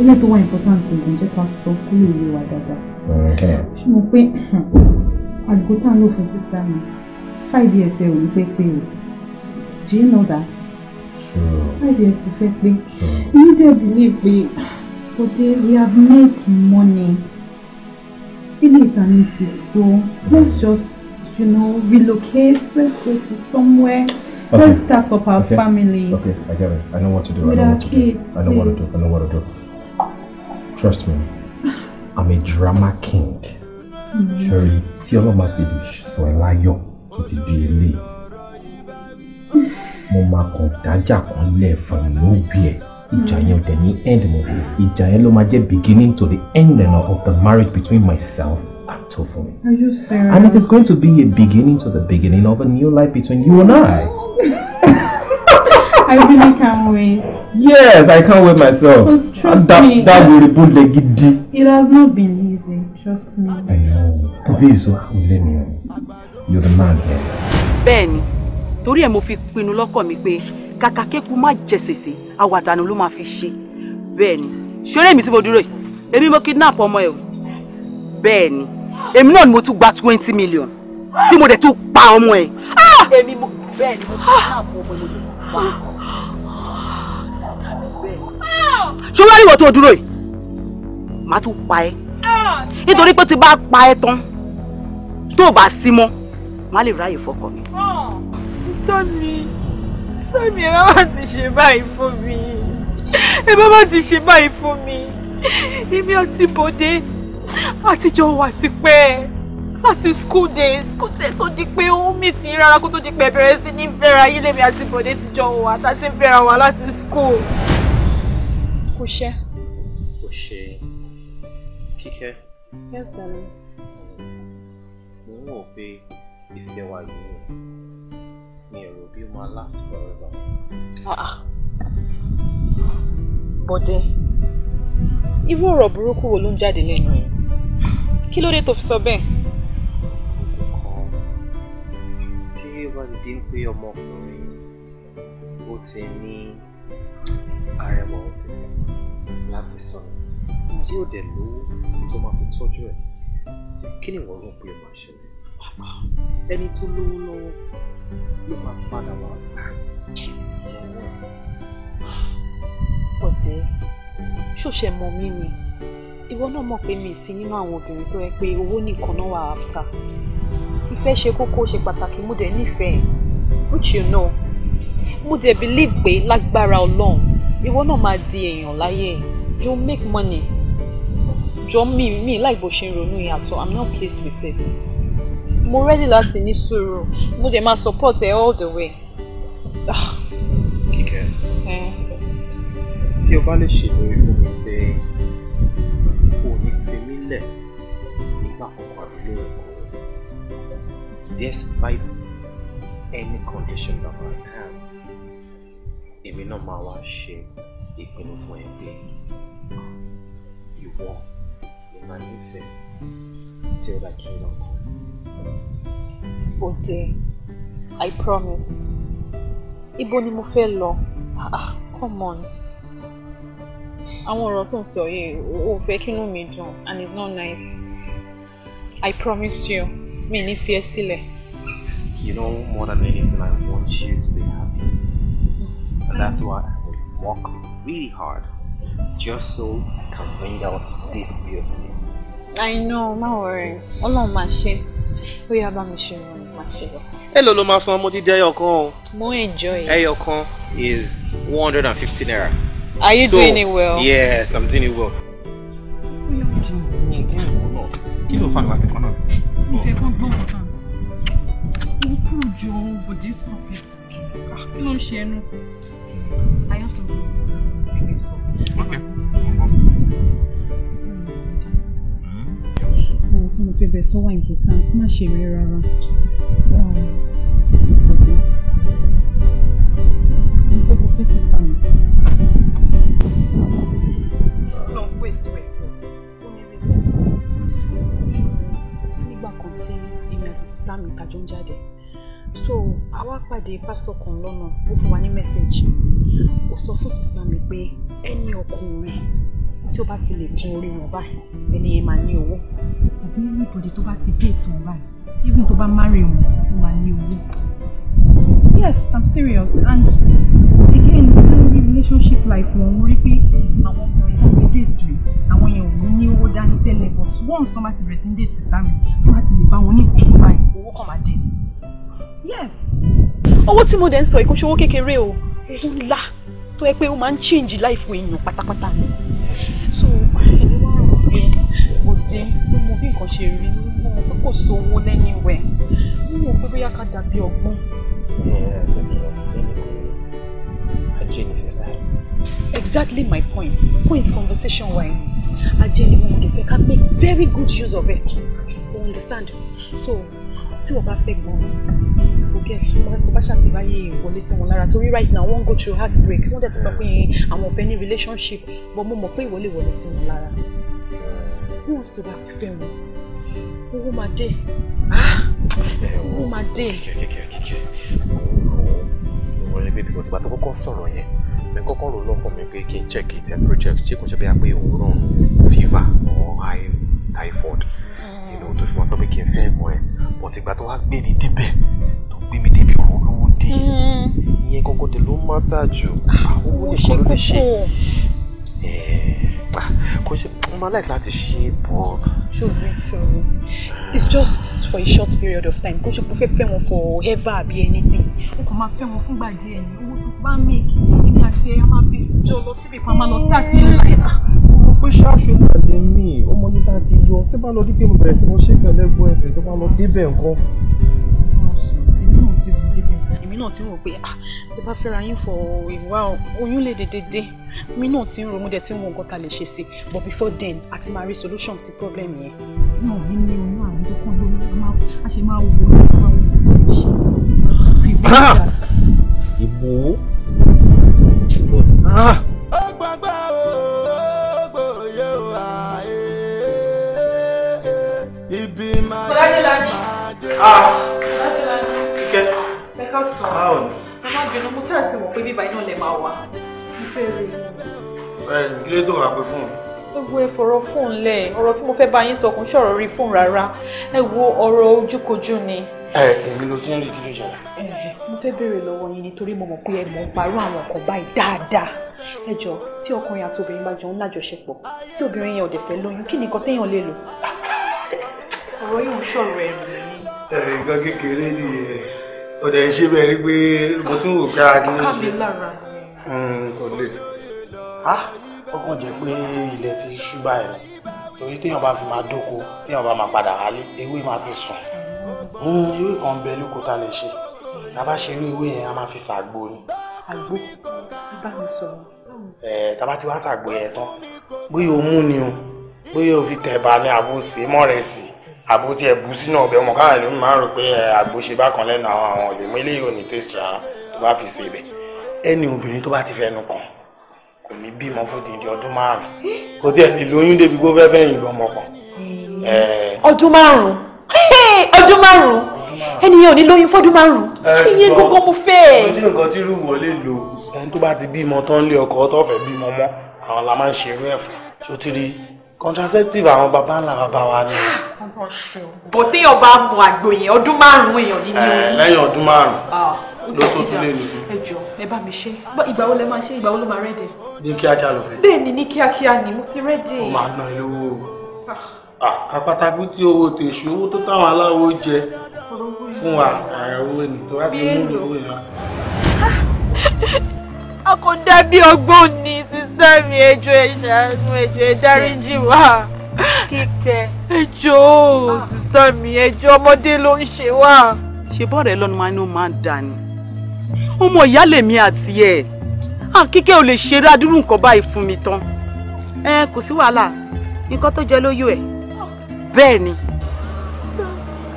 ilé tó wà important nǹkan jẹ́ ká sọ kó lè yé wa dáadáa. Mm, ṣùgbọ́n pé hmm, àdúgbò tá à ń lò fún sísá mi five years ẹ ò ní pẹ́ pé o do you know that? Sure. five years ti fẹ́ pé you dey believe pé for there we have made money ilé ìtàní ti So let's just you know relocate let's go to somewhere. Okay. Let's start up our okay. family. Okay, I get it. I know what to do. I know what to do. I know what to do. I know what to do. Trust me, I'm a drama king. Ṣẹ́rí tí ọlọ́mà fi lè sọ ẹ́ láyọ̀ tó ti bí ilé. Mo máa kàn dájà kan lẹ̀ fún lóbi ẹ̀. Ìjà yẹn ò dẹ̀ ní end mo. Ìjà yẹn ló máa jẹ́ beginning to the end of the marriage between myself and Tofunmi. Are you serious? And it is going to be a beginning to the beginning of a new life between you and I. I really can't wait. Yes, I can't wait myself. Because trust that, me. That will be the giddy. It has not been easy, trust me. I know. Kábíyèsí wa kò lẹ́nu. You're the man here. Bẹ́ẹ̀ni, torí ẹ̀ mo fi pinnu lọ́kàn mi pé kàkà kéku má jẹ̀sẹ̀sẹ̀ àwàdànù ló máa fi ṣe. Ben, ṣeré mi tí mo dúró yìí, mo kidnap ọmọ ẹ̀ o. Bẹ́ẹ̀ni, èmi náà ni mo tún gba twenty million tí mo dẹ̀ tún pa ọmọ ẹ̀. Ah! Èmi mo bẹ́ẹ̀ mo kidnap ọmọ ẹ̀ ṣé wọ́n rí ìwọ tó dúró yìí màá tún pa ẹ́ ah. nítorí pé tí bá pa ẹ́ tán tó o bá sí mọ́ màá lè ráyè fọkọ mi. Ah. sísá mi sísá mi ẹ bá má ti ṣe báyìí fún mi ẹ bá má ti ṣe báyìí fún mi èmi àti bòde àtijọ́ wà tipẹ́ láti school days kó tẹ̀ tó di pé ó mì tí rárá kó tó di pé bẹ̀rẹ̀ sí ní fẹ́ra yín àti bòde ti wà tá ti ń láti school kò ṣe. kò ṣe kíkẹ́. yes darling. mo ń wò pé ìfẹ́ wa yìí mi ò bí ó máa last forever. Ah, ah. bọ́dé irú ọ̀rọ̀ burúkú wo ló ń jáde lẹ́nu yìí kí ló dé tó fi sọ bẹ́ẹ̀. tí ó bá ti di pé ọmọkùnrin ó ti ní arẹwà obìnrin mi á fi sọnù tí ó dẹ̀ lówó tó máa fi tọ́jú ẹ̀ kí ni wọ́n rò pé ó máa ṣẹlẹ̀ ẹni tó lówó lọ́wọ́ ló máa padà wá gbà lọ́wọ́ ẹ̀. ọ̀dẹ́ ṣòṣe mọ mí ni ìwọ náà mọ̀ pé mi ì sí nínú àwọn obìnrin tó yẹ pé owó nìkan náà wà áfta ìfẹ́ ṣe kókó ṣe pàtàkì mo dẹ̀ nífẹ̀ẹ́ which you know mo dẹ̀ believe pé lágbára ọlọ́run ìwọ náà máa di èèyàn láyé ẹ̀ jọ make money jọ mi mi láì bó ṣe ń ronú yẹn àtọ i'm not pleased with it mo ready láti ní sùúrù mo dẹ̀ máa support ẹ all the way. Ah. kíkẹ́ tí o bá lè ṣèlérí fún mi pé o ní fi mí lẹ̀ nígbà kọ̀ọ̀kan àbí lóòrèkóòrè despite any condition that I have èmi náà máa wá ṣe ìpinnu fún ẹ pé ìwọ ló máa nífẹ̀ẹ́ tí ó bá kí I promise. Ibo ni mo fẹ́ lọ? Ah, come on. Àwọn ọ̀rọ̀ tó ń sọ yìí, o fẹ́ kínú mi dùn and it's not nice. I promise you, mi ní fi ẹ́ sílẹ̀. You know more than anything, I want you to be happy. And mm-hmm. that's why I will work really hard just so I can bring out this beauty. I know, No worry. Ọlọ́run máa ṣe. Ó yá bá mi ṣe ìrànlọ́ máa ṣe lọ. Èló ló máa san mo ti dé ẹyọ o. Mo enjoy. Ẹyọ kan is one hundred naira. Are you so, doing it well? Yes, I'm doing it well. Kí ló fà lásìkò náà? Ìwúkúrò jọ bòdì stop it. Ah, kí ló ń ṣe I have something that's really so. Okay. Ọ̀rọ̀ tí mo fẹ́ bẹ̀rẹ̀ sọ wà important má ṣe rí rárá. Ọ̀dẹ̀. Mo fẹ́ kó fẹ́ sísá No, wait, wait, wait. Ó ní reason. Nígbà kan tí èmi àti sísá mi tajọ́ ń jáde so àwa pàdé pásítọ̀ kan lọ́nà ó fún wa ní mẹ́sẹ̀gì ó sọ fún sísá mi pé ẹni ọkùnrin tí ó bá ti lè kún orí wọn báyìí ẹni yẹn máa ní owó. àbí anybody tó bá ti déètì wọn báyìí even tó bá marry wọn ó máa ní owó. yes i'm serious and again tí mo relationship life wọn mo rí pé àwọn ọkùnrin tó ti déètì rí àwọn yẹn ò ní ní owó dání tẹ́lẹ̀ but once tó bá ti bẹ̀rẹ̀ sí déètì sísá mi tó bá ti lè bá wọn ní ìdílé owó kàn máa dé ni yes. owó tí mo dẹ̀ ń sọ ìkóṣe owó kékeré o owó ńlá tó yẹ pé ó máa ń change life èèyàn pátápátá ni. so èmi wá rò pé òde ló mọ bí nǹkan ṣe rí mo mọ pé kò sówó lẹ́yìn rẹ̀ mo mọ pé bóyá ká dàbí ọgbọ́n. ajé ni sísá. exactly my point point conversation wa ẹni ajé mo dẹ̀ fẹ́ ká make very good use of it you understand so tí wọ́n bá fẹ́ gbọ́n get tó bá ṣàtìráyè wọlé sí wọn lára torí right now wọ́n go through heartbreak wọ́n dẹ̀ ti sọ pé àwọn ò fẹ́ ní relationship but mo mọ̀ pé ìwọlé wọlé sí wọn lára wọ́n sọ bá ti fẹ́ wọn owó máa dé ah! owó máa dé. wọlé bíbí kò sí pàtó kọ́kọ́ sọ̀rọ̀ yẹn mi kọ́kọ́ rò lọ́kàn mi pé kí n check it project ṣé kò ṣe bí a pé òwúrọ̀ fever or high typhoid inú mm. tó fi wọn sọ pé kí n fẹ́ mọ ẹ bọ̀tìgbà tó wá gbé ní débẹ̀ gbé mi débi mm-hmm. ìyẹn gangan dẹ̀ ló má tà jù ah, owó nìkan ló ṣe eh, ah, kò ṣe mo like láti ṣe but. ṣòwò ṣòwò it's just for a short period of time kò ṣe kò fẹ́ fẹ́ wọn for ever àbí anything o kò máa fẹ́ wọn fúngbà díẹ̀ ni owó tó bá make èmi àti ẹ̀yọ́ máa fi jọ lọ síbi kan máa lọ start ní life ah, pé ṣáṣù náà lè ọmọ yìí tá ti yọ tó bá lọ dípé mo bẹ̀rẹ̀ sí mo ṣe pẹ̀lẹ́gbọ́n ẹ̀sìn tó bá lọ débẹ̀ nǹkan náà ti rò débẹ̀. èmi náà ti ń rò pé ah tó bá fẹ́ra yín fọ ìwà oyún lè dédédé èmi náà ti ń rò mo dẹ̀ ti ń wo lè ṣe sí but before then a ti máa rí solution sí problem yẹn. náà mi ní oyún àwọn tó kàn lórí a ṣe máa wo àwọn ìṣe ìbò ó gbàgbà ó gbòye ó àyè ibi máa dé máa dé káàsán. báwo ni. ẹ bínú mo sáà sí mọ̀ pé bíbá iná lè máa wà. mo fẹ́ rí i. ẹ ìdílé tó máa fún mi gbogbo ẹ fọ̀rọ̀ fóun lẹ̀ ọ̀rọ̀ tí mo fẹ́ bá yín sọ kò ń ṣọ̀rọ̀ rí fóun rárá ẹ wo ọ̀rọ̀ ojúkojú ni. ẹ èmi ló ti ń rí kí ló ṣẹlẹ̀. mo fẹ́ béèrè lọ́wọ́ yín nítorí mo mọ̀ pé ẹ mọ̀ ń àwọn ọkàn báyìí dáadáa ẹ jọ tí ọkùnrin àti obìnrin bá jọ ń lájọṣepọ̀ tí obìnrin yẹn ò dẹ̀ fẹ́ lóyún kí ni téèyàn lè lò. ọ̀rọ̀ yìí ń ṣọ̀rọ̀ ẹ̀rù ni. ẹ̀ ó dẹ̀ ṣe bẹ́ẹ̀ rí pé mo tún wò ká kí ló ṣe hmm, kò lè ọkàn jẹ́ pé ilẹ̀ ti ṣú báyìí torí téèyàn bá fi máa dóko téèyàn bá máa padà wálé ewé máa ti sùn ewé hmm, kan bẹ lóko tá lè ṣe tá bá ṣe irú ewé yẹn a máa fi ṣàgbo ni. àgbo bá mi sọ̀rọ̀. ẹ tá bá ti wá ṣàgbo yẹn tán bóyá o mú ni o bóyá o fi tẹ̀bà ni àbò sèémọ̀ rẹ̀ sí i àbò tí ẹ bu sínú ọbẹ̀ ọmọ káwọn ẹni máa ń rò pé àgbo ṣe bákan lẹ́nu àwọn àwọn ọ̀lẹ́ mú eléyìí ò ní taste rárá tó bá fi ṣe ibẹ̀ ẹni obìnrin tó bá ti fẹnu kàn kò ní bímọ fún di ọdún márùn kò tí ẹ ní lóyún débi gbó fẹ́ fẹ́ yìnbọn ọmọkàn. ọdún márùn ọdún márùn ènìyàn ò ní lóyún fọdún márùn ìyẹn gbogbo mo fẹ́. ọjọ́ nǹkan tí irú wọlé lò ẹni tó bá ti bímọ tán lé ọkọ tó fẹ́ contraceptive àwọn baba ńlá baba wa ni. bó téèyàn bá mu àgbo yẹn ọdún márùn-ún èèyàn ní ní oyún. lẹ́yìn ọdún márùn-ún ah, ló tó tún lé nìyí. ẹ jọ ẹ bá mi ṣe ìgbà wo lẹ máa ṣe ìgbà wo ló máa rẹ́dẹ̀. ní kíákíá ló fẹ́. bẹ́ẹ̀ ni ní kíákíá ni mo ti rẹ́dẹ̀. ó máa ná ilé owó ah. ah, àpátákú tí owó tó èṣù owó tó táwọn aláwo jẹ fún wa owó ni tó wá fi mú owó yẹn wá. a kò dàbí ọgbọ́n sísá mi ejò ìṣàánú ejò ìdáríjì wá. kíkẹ́. ejò sísá mi ejò ọmọdé ló ń ṣe wá. ṣe bọ́ọ̀rẹ́ lọ́nu máa ń ní ó máa ń dà ní. ọmọ ìyá lèmi àti ẹ̀ kíkẹ́ ò lè ṣeré adúrú nǹkan báyìí fún mi tán. ẹ kò sí wàhálà nǹkan tó jẹ lóyún ẹ̀ bẹ́ẹ̀ ni.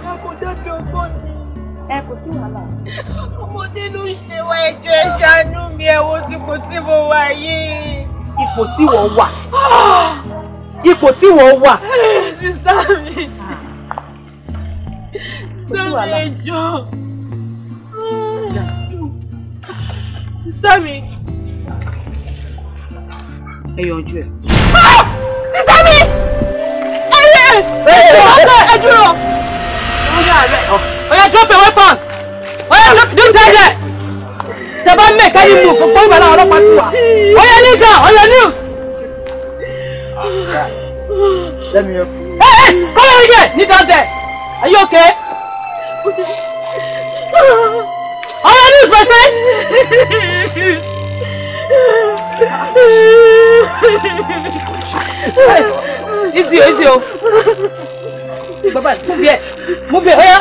ẹ kò dájọ́ ọgbọ́n ni ẹ kò sí wàhálà. ọmọdé ló ń ṣe wá ẹjọ́ ẹ ṣàánú mi ẹ wo tí kò tí mo wà yìí ipò tí wọ́n wà ipò tí wọ́n wà. sísá mi lórí ìjọ sísá mi. ẹ yanjú ẹ. Ah! sísá mi ẹyẹ ẹjọ ẹdúró. ọ̀ya drop your weapons ọ̀ya drop your weapons tẹ́bá mẹ́ẹ̀kẹ́ yìí mú kó fún ìbàlá ọlọ́pàá sí wa ọyọ nígbà ọyọ news. ẹ ẹ kọ́lá mi jẹ ní dọ́tẹ̀ are you okay? ọyọ news pẹ̀sẹ̀. Easy, easy. Baba, move here. Move here.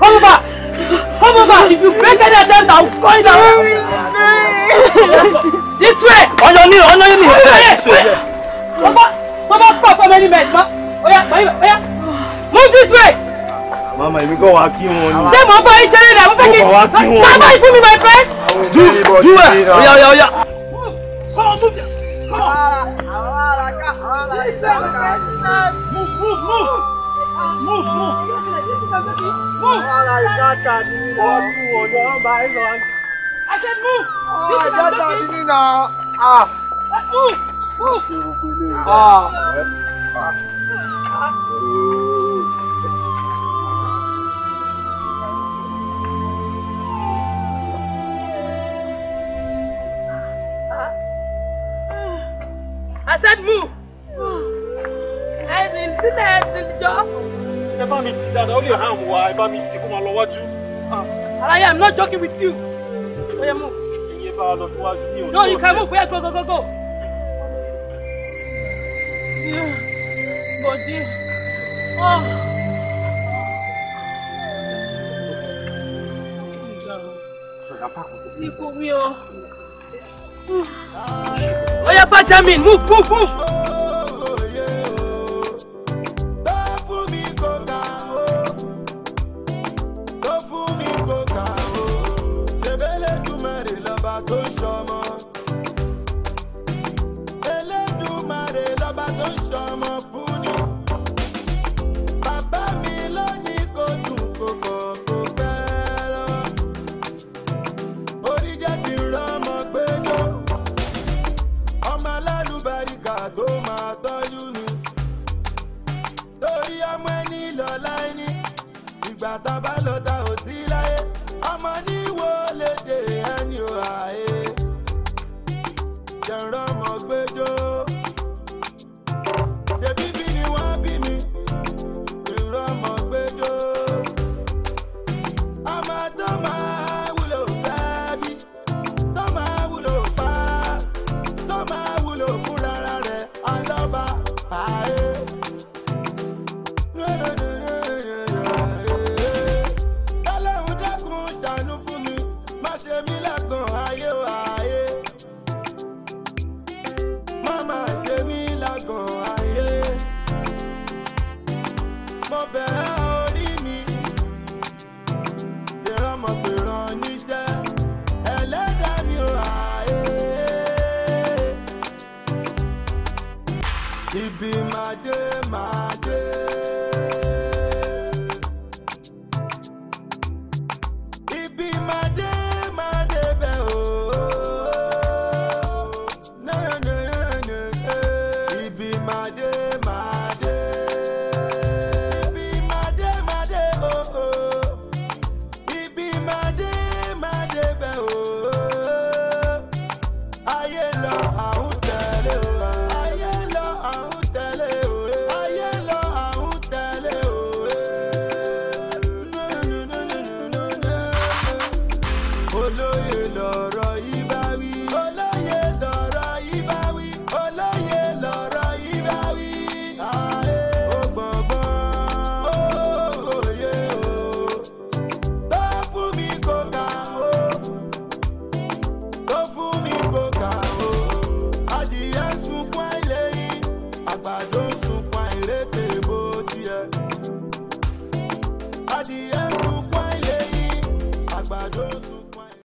Come back. Oh, Baba, if you break any of I'll call it out. This way. On your knee, on your knee. On your This way. Baba, Baba, stop for many men. Oh move this way. Mama, èmi kò wá kí wọn ni. Ṣé mo bá yín ṣeré ni? Mo fẹ́ kí n sábà yín fún mi, my friend. Do do ẹ̀. Oya, oya, oya. Come on, move. Come on. Move, move, move move move move. ọ̀rọ̀ I said move. ọ̀rọ̀ ah, ah, ah. move. Ah. Ah. I said move ẹnì sílẹ̀ i'm not joking with you. no you can move bóyá go go go go. Oh ọ. Ikú hmm. Benjamin, move, move, move.